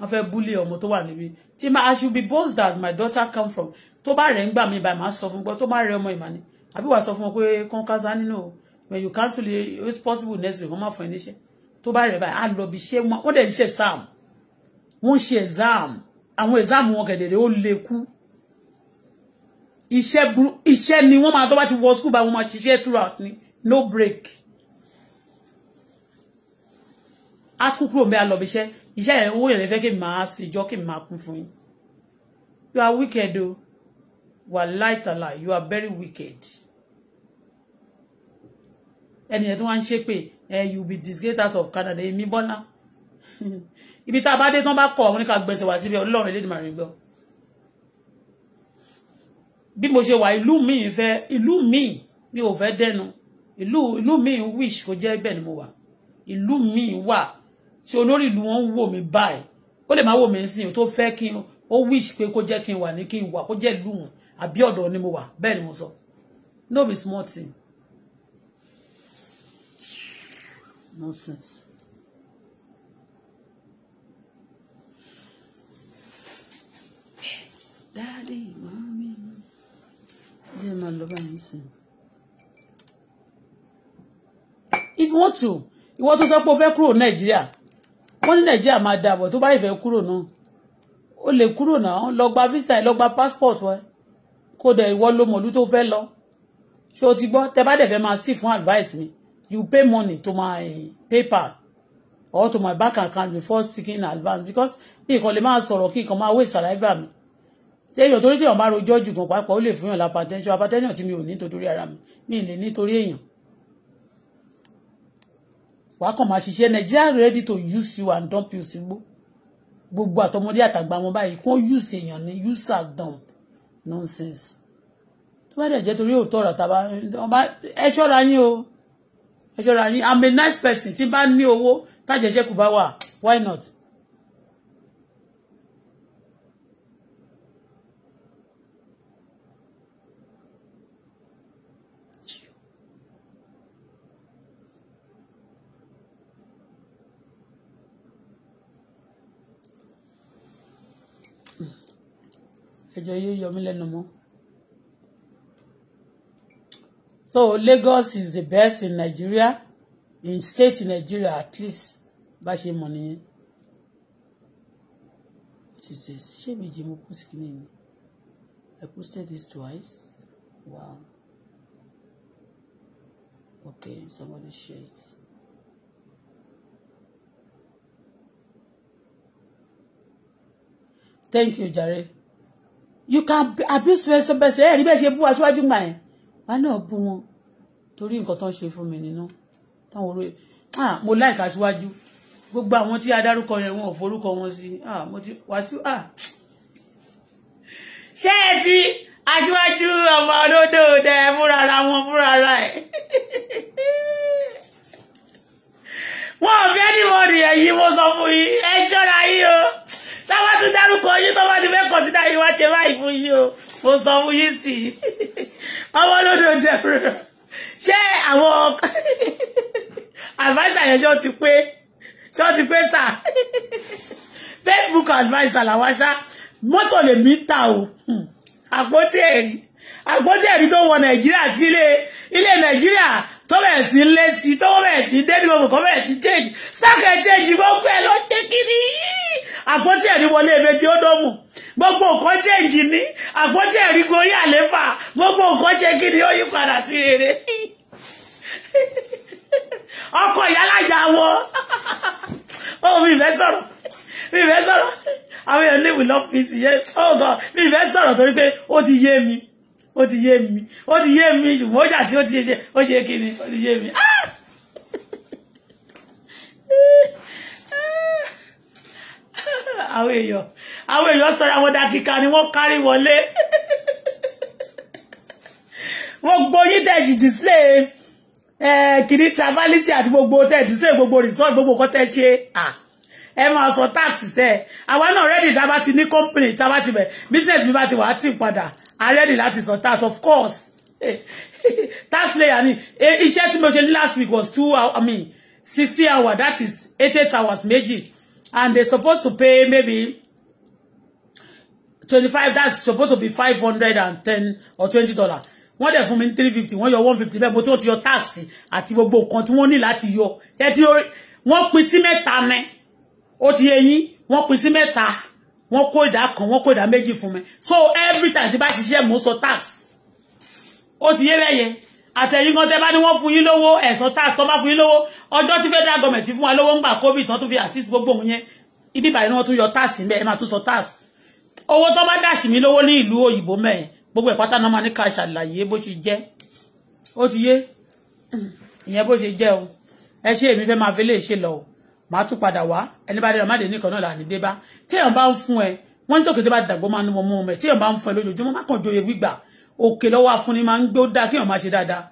Speaker 1: wọ́n fẹ́ búlé ọmọ tó wà níbí tí ma I should be bold that my daughter come from tó bá rẹ̀ ń gbà mí báyìí máa sọ fún gbọ́ tó bá rẹ̀ ọmọ ìmàní àbí wàá sọ fún ọ pé kán nínú when you cancel it it's possible next week wọ́n máa fún ẹ níṣẹ́ tó bá rẹ̀ báyìí á lọ bí ṣé wọ́n dẹ̀ ń ṣe exam wọ́n ṣe exam àwọn exam wọn gẹ̀dẹ̀rẹ̀ ó lè kú iṣẹ́ ni wọ́n máa tó bá ti wọ school báyìí wọ́n máa ṣiṣẹ́ throughout ni no break. á tún kúrò mẹ́ta lọ bí iṣẹ́ iṣẹ́ yẹn owó yẹn lè fẹ́ kí n máa sì jọ́ kí n máa kún fún yín you are wicked o wà láìtàlà you are very wicked ẹni yẹn tó wá ń ṣe pé eh, you be disgraced out of Canada èmi bọ́lá ibi tá a bá dé tán bá kọ̀ ọ́ ní ká gbẹ̀sẹ̀ wá síbi ọlọ́run elédìmọ̀ rẹ̀ gbọ́ bí mo ṣe wà ìlú míì fẹ́ ìlú míì mi ò fẹ́ dẹnu ìlú ìlú wish kò jẹ́ bẹ́ẹ̀ ni mo wà ìlú míì wà tí olórí ìlú wọn ń wò mí báyìí ó lè má wò mí sìn tó fẹ́ kí wish pé kó jẹ́ kí n wà ní kí n wà kó jẹ́ ìlú wọn ni mo wà bẹ́ẹ̀ ni mo sọ no be small thing nonsense. Daddy, mommy, mi jẹ́ máa lọ if you want to ìwọ tó sọ pé o fẹ́ Nigeria wọ́n ní nàìjíríà máa dàbọ̀ tó bá ìfẹ́ kúrò náà ó lè kúrò náà lọ gba visa lọ gba passport wẹ kó dẹ̀ ìwọ ló mọ̀lú tó fẹ́ lọ ṣé o ti gbọ́ tẹ bá dẹ̀ fẹ́ máa sì fún advice mi you pay money to my paper or to my bank account before seeking advance because bí nǹkan lè máa sọ̀rọ̀ kí nǹkan máa wé saliva mi téèyàn torí téèyàn bá rojọ́ jù gan pàápàá ó lè fún yàn lápá tẹ́ńṣọ́ apá tẹ́ńṣọ́ tí mi ò ní nítorí ara mi mi ì lè nítorí èèyàn wàá kàn máa ṣiṣẹ́ Nigeria ready to use you and dump you sígbó gbogbo àtọmọdé àtàgbà wọn báyìí kó use èèyàn ní use as dump nonsense tó bá dẹ̀ jẹ́ torí òótọ́ ọ̀rọ̀ tàbá ọba ẹ ṣọ́ra yín o ẹ ṣọ́ra yín i'm a nice person tí bá ní owó tájẹsẹ́kù bá wà why not ẹjọ́ yóò yọ mí lẹ́nu mọ́. So Lagos is the best in Nigeria in state in Nigeria at least bá ṣe mọ̀ nìyẹn. She says, ṣé mi jẹ́ mo post kìíní mi? I posted this twice. Wow. Okay, somebody shares. Thank you, Jare you can abuse person person ẹ̀rí bẹ́ẹ̀ ṣe bú aṣíwájú gbà yẹn wá náà bú wọn torí nǹkan tó ń ṣe fún mi nínú táwọn oró ah mo láìka aṣíwájú gbogbo àwọn tí adárúkọ yẹn wọn ò forúkọ wọn sí ah mo ti wá sí ah ṣé ẹ ti aṣíwájú ọmọ olódò dẹ fúnra ara wọn fúnra ara ẹ wọn ò fẹ́ níwọ̀n nìyẹn yìí mo sọ fún yín ẹ ṣọ́ra yín o tún dárúkọ yín tó bá ti fẹ́ kọ̀sídà yín wá ṣe báyìí fún yín o mo sọ fún yín sí i ọmọ olódòdó ẹ̀rọ ṣé àwọn adviser yẹn ṣé ó ti pé ṣé ó ti pé sà Facebook adviser làwa ṣá mọ́tò lè mí ta o hmm. àpótí ẹ̀rí àpótí ẹ̀rí tó wọ Nàìjíríà tí ilé ilé Nàìjíríà tó bẹ̀rẹ̀ sí lé sí tó bẹ̀rẹ̀ sí dé ní gbogbo kan bẹ̀rẹ̀ sí change sákẹ̀ change gbogbo ẹ̀ ló jẹ́ kiri àpótí ẹ̀rí wọlé èméjì ó dọ́mù gbogbo nǹkan change ní àpótí ẹ̀rí gorí àléfà gbogbo nǹkan ṣe kiri ó yí padà sí rere ọkọ̀ ìyálàjà wọn ó mi ìfẹ́ sọ̀rọ̀ mi ìfẹ́ sọ̀rọ̀ àwọn èèyàn ní we love yẹn oh god mi ìfẹ́ sọ̀rọ̀ torí pé ó ti yé mi ó ti yé mi ó ti yé mi ṣùgbọ́n ó ṣàtì ó ti ṣe ó ṣe kíni ó ti yé mi. Ah! Ah! àwọn èèyàn àwọn èèyàn sọ̀rọ̀ àwọn dàkíkà ni wọ́n kárí wọlé wọ́n gbóyún tẹ̀sí display kìíní travalisi àti gbogbo tẹ̀ display gbogbo resort gbogbo nǹkan tẹ̀ ṣe ah! ẹ máa sọ táàsì sẹ́ àwa náà rẹ́dì tá a bá ti ní company tá a bá ti bẹ̀ business mi bá ti wà á tì padà a ready láti sọ tax of course tax player ni e, iṣẹ́ tí mo ṣe last week was two hours, I mean sixty hours that is eight hours méjì and they supposed to pay maybe twenty-five that's supposed to be five hundred and ten or twenty dollars wọ́n dẹ̀ fún mi ní three fifty wọ́n yọ one fifty bẹ́ẹ̀ mo tí wọ́n ti yọ táàsì àti gbogbo nǹkan tí wọ́n ní láti yọ ẹ ti wọ́n pín sí mẹ́ta mẹ́ ó ti yẹ yín wọ́n pín sí wọ́n kó ìdá kan wọ́n kó ìdá méjì fún mi so every time tí bá ṣiṣẹ́ mo sọ tax ó ti yé bẹ́yẹn àtẹ̀yìn kan tẹ́ bá ní wọ́n fún yín lówó ẹ̀sán tax tó bá fún yín lówó ọjọ́ tí federal government fún wa lówó ń gbà covid tó tún fi assist gbogbo òun yẹn ibi ìbàdàn ni wọ́n tún yọ tax mẹ́ ẹ máa tún sọ tax owó tó bá dàṣì mí lówó ní ìlú òyìnbó mẹ́ gbogbo ẹ̀ pátá náà máa ní ká ṣàlàyé bó ṣe jẹ́ ó ti yé ìyẹn bó ṣe jẹ́ o ẹ ṣe èmi fẹ́ máa fi lè ṣe màá tún padà wá ẹni bá dé ọmọ àdé nìkan náà là ní dé bá téèyàn bá ń fún ẹ wọn ní tòkè tó bá dàgbọ́ máa ń mú ọmọ ẹ téèyàn bá ń fún ẹ lójoojúmọ́ má kàn joyè gbígbà òkè lọ́wọ́ afúnni máa ń gbé ó dáa kéèyàn máa ṣe dáadáa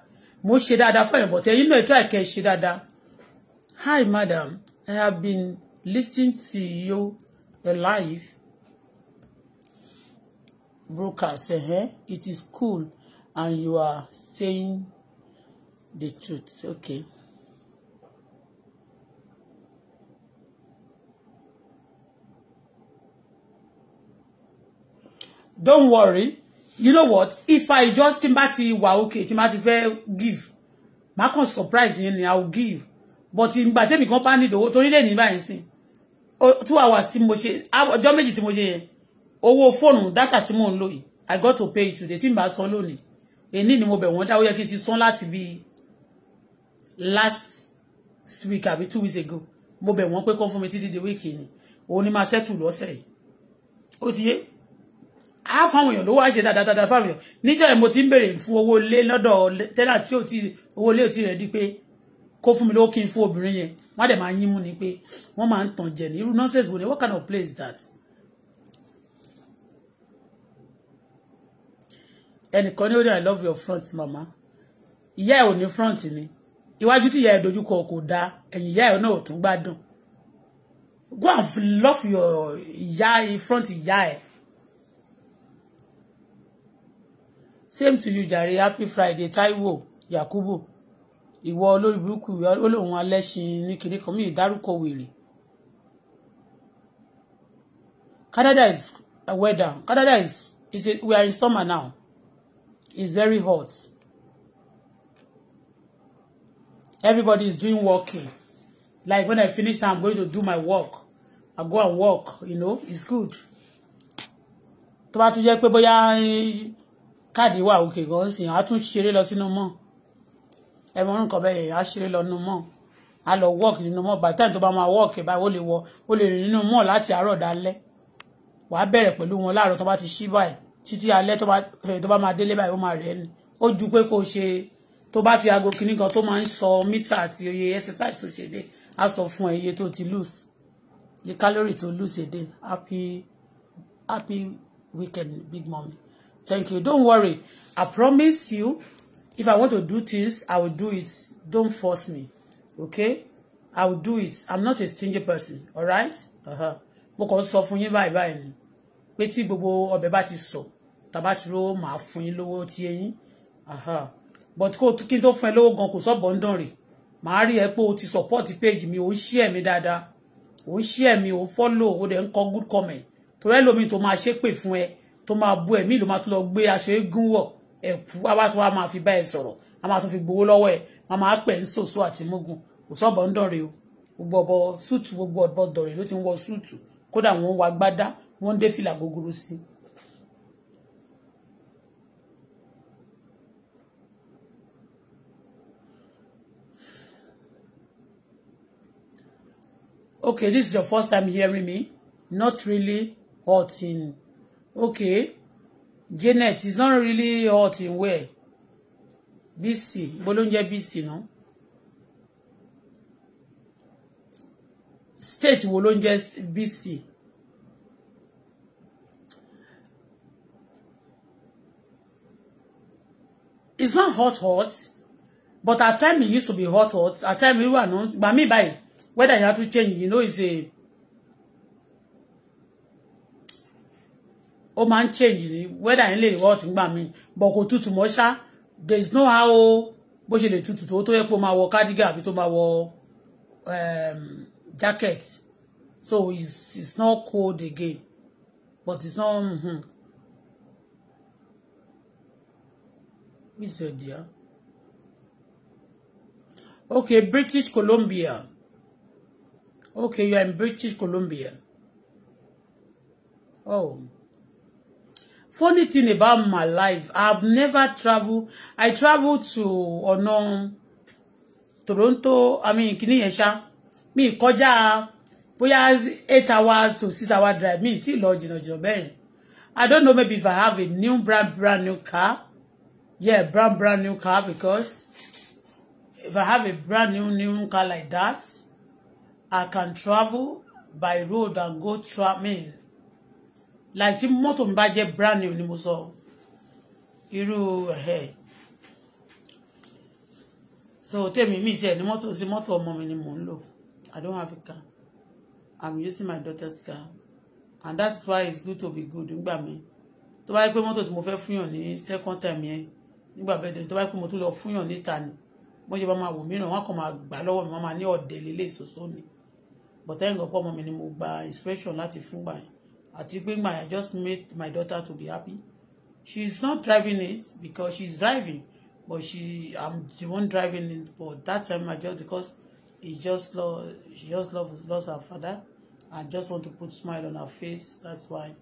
Speaker 1: mo ṣe dáadáa fún ẹ̀yàn bọ̀ tẹ́yìn náà ètò àìkẹ́ ṣe dáadáa. Hi madam I have been listening to you your life broadcast eh? it is cool and you are saying the truth okay. don't worry you know what if i just tí n bá ti okay tí n bá give má kàn surprise yín ni i will give but in tẹ́mi kan bá nílò owó torí lè ní báyìí Oh, two hours tí mo ṣe ọjọ́ méjì tí oh, phone. yẹn owó fóònù i got to pay today The n bá san lónìí èní ni mo bẹ̀ wọ́n dá ó yẹ kí last week àbí two weeks ago mo bẹ̀ wọ́n pé kán fún mi títí di week yìí ni òun ni máa settle á fáwọn èèyàn ló wá ṣe dáadáa fáwọn èèyàn níjọ́ ẹ̀ mo ti ń béèrè fún owó ilé lọ́dọ̀ tẹ́lá tí ò tí owó ilé ò tí rẹ̀ di pé kó fún mi lówó kí n fún obìnrin yẹn wọ́n á dẹ̀ máa yín mú ni pé wọ́n máa ń tàn jẹ ní irú nonsense wo ni what kind of place that. ẹnìkan ní ó ní i love your front mama ìyá ẹ̀ ò ní front ni iwájú tí ìyá ẹ̀ dojúkọ kò da? ẹ̀yìn ìyá ẹ̀ náà ò tún gbádùn go and love your ìyá front ìyá ẹ̀ same to you jàre happy friday taiwo yakubu ìwọ olórí burúkú olóhùn alẹ́ṣin ní kinní kan mí ìdárúkọ wèrè canada is weather canada is is a, we are in summer now it's very hot everybody is doing working like when i finish now i'm going to do my work i go and work you know it's good tó bá tún jẹ́ pé bóyá káàdì wà òkè gan sìn á tún ṣeré lọ sínú mọ́ ẹ mọ orúkọ bẹ́ẹ̀ á ṣeré lọ nínú mọ́ á lọ wọ́ọ̀kì nínú mọ́ bàtà tó bá máa wọ́ọ̀kì báyìí ó lè wọ ó lè rìn nínú mọ́ láti àárọ̀ dalẹ́ wàá bẹ̀rẹ̀ pẹ̀lú wọn láàárọ̀ tó bá ti ṣí báyìí títí alẹ́ tó bá máa délé báyìí ó máa rẹ̀ ẹ́ ó ju pé kó ṣe tó bá fi aago kìíní kan tó máa ń sọ mítà àti oye exercise tó ṣe dé á sọ fún ẹ iye tó ti lose iye calorie tó lose a day happy happy weekend big mommy. Thank you. Don't worry. I promise you, if I want to do things, I will do it. Don't force me. Okay? I will do it. I'm not a stingy person. All right? Uh-huh. Because kàn sọ fún yín báyìí báyìí ni. Pé tí gbogbo ọbẹ̀ bá ti sọ, ti rówó Uh-huh. But kó kí n tó fún ẹ lówó gan kò sọ́bọ̀ ń dàn rè. Màá page mi, o share mi dada. O share mi, o follow, o dẹ̀ ń good comment. Torí ẹ lómi tó máa ṣépè fún tó máa bú ẹ̀mí ló máa tún lọ gbé aṣọ eégún wọ̀ ẹ̀kú àwa tó wá máa fi bá ẹ sọ̀rọ̀ a máa tún fi gbowó lọ́wọ́ ẹ̀ wọ́n máa pẹ̀ ń sòsò àti mógùn kò sọ́bọ̀ ń dọ̀rẹ́ o gbogbo ọbọ̀ súùtù gbogbo ọbọ̀ dọ̀rẹ́ ló ti ń wọ súùtù kódà wọ́n wá gbádá wọ́n dé fìlà gogoro sí okay this is your first time hearing me not really hot in okay Janet is not really hot in where bc bolonje bc no state wo bc it's not hot hot but at time it used to be hot hot at time everyone wà nù gbàmí báyìí weather yẹn á tún change you know it's a. ó máa ń change ní wẹ́dà yẹn lè wọ́ ọ̀tún gbà mí bọ̀ kò tutù mọ́ ṣá there is no how bó ṣe lè tutù tó tó yẹ pé ó máa wọ cardigan àbí tó wo wọ um, jacket so it's, it's not cold again but it's not. Mm-hmm. Is your dear? Okay, British Columbia. Okay, you are in British Columbia. Oh funny thing about my life i've never traveled. i traveled to ọ̀nà toronto i mean kìnìún Me, ṣá we kọjá eight hours to six hour drive mi ti lọ jìnnàjìnnà bẹ́ẹ̀ i don't know maybe if i have a new brand brand new car yeah brand brand new car because if i have a brand new new car like that i can travel by road and go travel I láì tí mọ́tò mi bá jẹ́ brand new ni mo sọ irú ẹ̀ so tèmi mi tiẹ̀ ní mọ́tò sí mọ́tò ọmọ mi ni mò ń lò I don't have a car I'm using my daughter's car and that's why it's good to be good nígbà mi tó bá yẹ pé mọ́tò tí mo fẹ́ fúnyàn ní second time yẹn nígbà bẹ́ẹ̀ dẹ̀ tó bá yẹ pé mo tún lọ fúnyàn níta ni bó ṣe bá máa wò mìíràn wọn kàn máa gbà lọ́wọ́ mi wọ́n máa ní ọ̀dẹ̀ lélẹ̀ ìṣòṣò ni bọ̀tẹ́ǹgọ̀pọ̀ ọmọ mi ni mo gba inspection láti fúngbà yẹn àti pé my I just made my daughter to be happy She's not driving it because she's driving but she I'm the one driving it but that time I just because he just love she just loves loves her father I just want to put smile on her face that's why.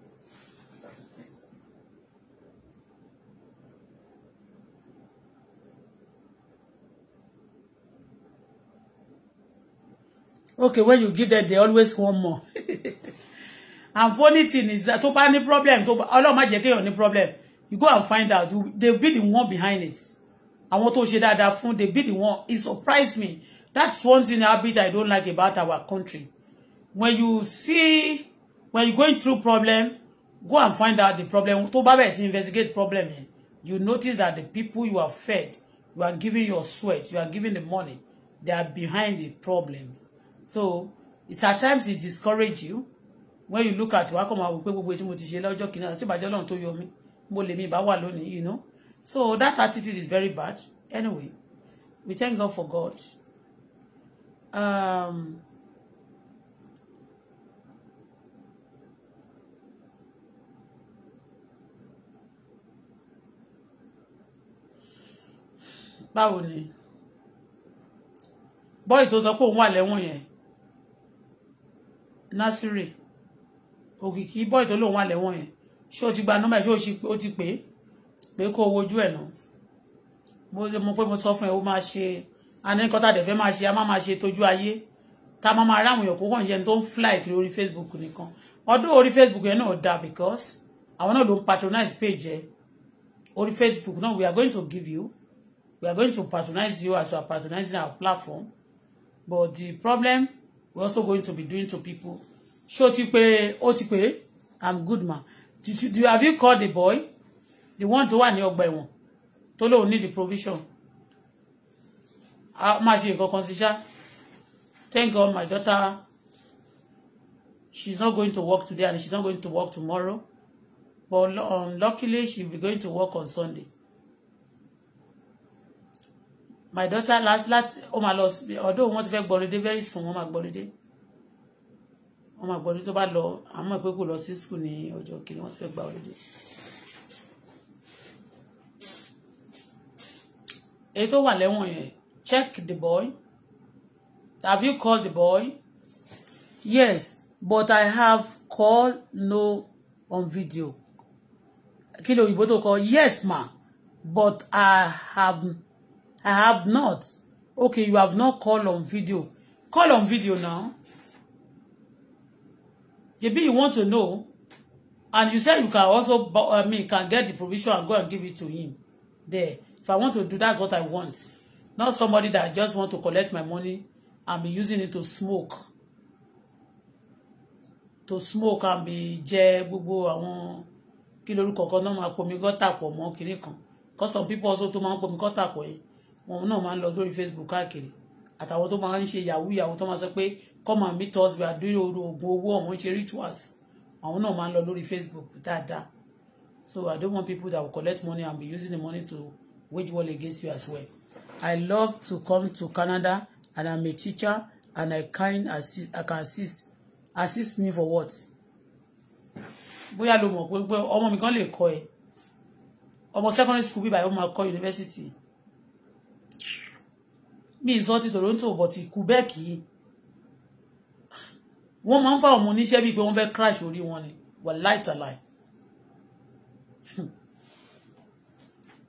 Speaker 1: okay when you give that, they always want more and funny thing is that tó any ní problem tó bá Ọlọ́run má jẹ́ kéèyàn ní problem you go and find out you, they be the one behind it I want to tó that that fún they be the one it surprised me that's one thing a bit I don't like about our country when you see when you going through problem go and find out the problem tó bá bẹ̀rẹ̀ investigate problem yẹn you notice that the people you are fed you are giving your sweat you are giving the money they are behind the problems so it at times it discourages you when you look at wa kọ́ máa wò pé gbogbo tí mo ti ṣe lọ́jọ́ kìíní àti ìbàjẹ́ ọlọ́run tó yọ mí mo lè mi ìbá wà lónìí you know so that attitude is very bad anyway we thank God for God um, báwo ni bọ́ọ̀ì tó sọ pé òun wà lẹ́wọ̀n yẹn násírì òkìkí bọ́ì tó lòun wà lẹ́wọ̀n yẹn ṣé o ti gba nọ́mbà ṣé o ti pè é pé kó o wojú ẹ̀ nà mo pé mo sọ fún ẹ o máa ṣe anẹ́kọ́tà dẹ̀fẹ́ máa ṣe a máa máa ṣe tójú ayé ta máa máa ráwọn èèyàn kó kàn ṣe ẹni tó ń fly kiri orí Facebook nìkan ọdún orí Facebook yẹn náà da because àwọn náà ló ń patronize page ẹ orí Facebook náà we are going to give you we are going to patronize you as we are patronizing our platform but the problem we also going to be doing to people ṣé o ti pé o ti pé i'm good ma do you, have you called the boy the one tó wà ní ọgbà ẹ̀wọ̀n tó lóun need the provision a máa ṣe nǹkan kan sí thank god my daughter she's not going to work today and she's not going to work tomorrow but um, luckily she'll be going to work on sunday my daughter last last ó máa lọ ọdún wọn ti fẹ́ gbọlódé very soon wọn máa gbọlódé wọ́n máa gbọ́dọ̀ tó bá lọ àmọ́ pé kò lọ sí school ní ọjọ́ kìíní wọ́n ti fẹ́ gba olùdó. èyí tó wà lẹ́wọ̀n yẹn check the boy have you called the boy yes but i have called no on video kí ló òyìnbó tó kọ yes ma but i have i have not okay you have not called on video call on video now. JB, you want to know, and you said you can also, I mean, can get the provision and go and give it to him there. If I want to do that's what I want. Not somebody that just want to collect my money and be using it to smoke. To smoke and be jẹ gbogbo àwọn kí lorúkọ kan náà máa pomi gọ́tà pọ̀ mọ́ kinní kan. Because some people also to máa ń pomi gọ́tà pọ̀ yẹn. Wọn náà máa Facebook káàkiri. Àtàwọn tó máa ń ṣe yahoo yahoo tó máa sọ come and meet us we are doing oru oògùn owó ọ̀wọ́n ṣe rituals àwọn náà máa ń lọ lórí facebook dáadáa so i don't want people that will collect money and be using the money to wage war against you as well i love to come to canada and i'm a teacher and i can assist i can assist assist me for what bóyá lo mọ̀ pé ọmọ mi kan lè kọ́ ẹ ọmọ secondary school bíbá yóò máa kọ́ university mi ìsọ ti Toronto but Quebec yìí wọ́n máa ń fáwọn ọmọ oníṣẹ́ bíi pé wọ́n fẹ́ crash orí wọn ni wà láìtàláì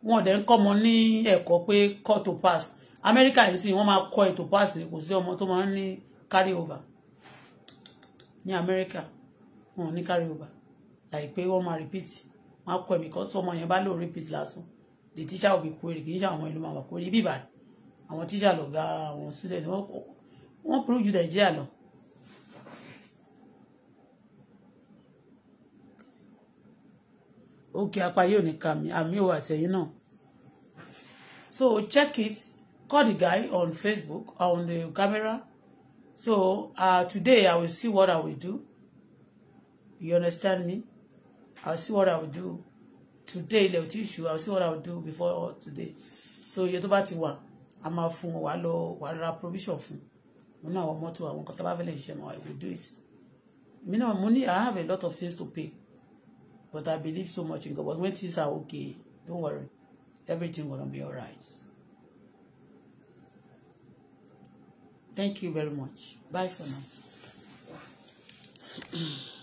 Speaker 1: wọn ò dẹ̀ ń kọ́ ọmọ ní ẹ̀kọ́ pé cut to pass amẹ́ríkà yìí sì wọ́n máa kọ́ ètò pass ni kò sí ọmọ tó máa ń ní carry over ní amẹ́ríkà wọn ò ní carry over láìpẹ́ wọ́n máa repeat wọ́n á kọ́ ẹ̀mí kọ́ sọmọ yẹn bá lò repeat lásán the teacher will be query kì í ṣe àwọn ìlú máa wà query bíbà àwọn teacher lọ̀gá àwọn sílẹ̀ ni wọ́n produce Nàìjíríà lọ. òkè apá yóò ní kàmí àmì ò àtẹ̀yìn náà so check it call the guy on Facebook on the camera so uh, today I will see what I will do you understand me I will see what I will do today ilẹ̀ òtí ìṣù I will see what I will do before today so iye tó bá ti wà a máa fún wa lọ wà ra provision fún mo náà wọ mọ́tò àwọn kan tó bá fẹ́ lè ṣe mọ́ I will do it mi náà mo ní I have a lot of things to pay But I believe so much in God. But when things are okay, don't worry. Everything gonna be all right. Thank you very much. Bye for now.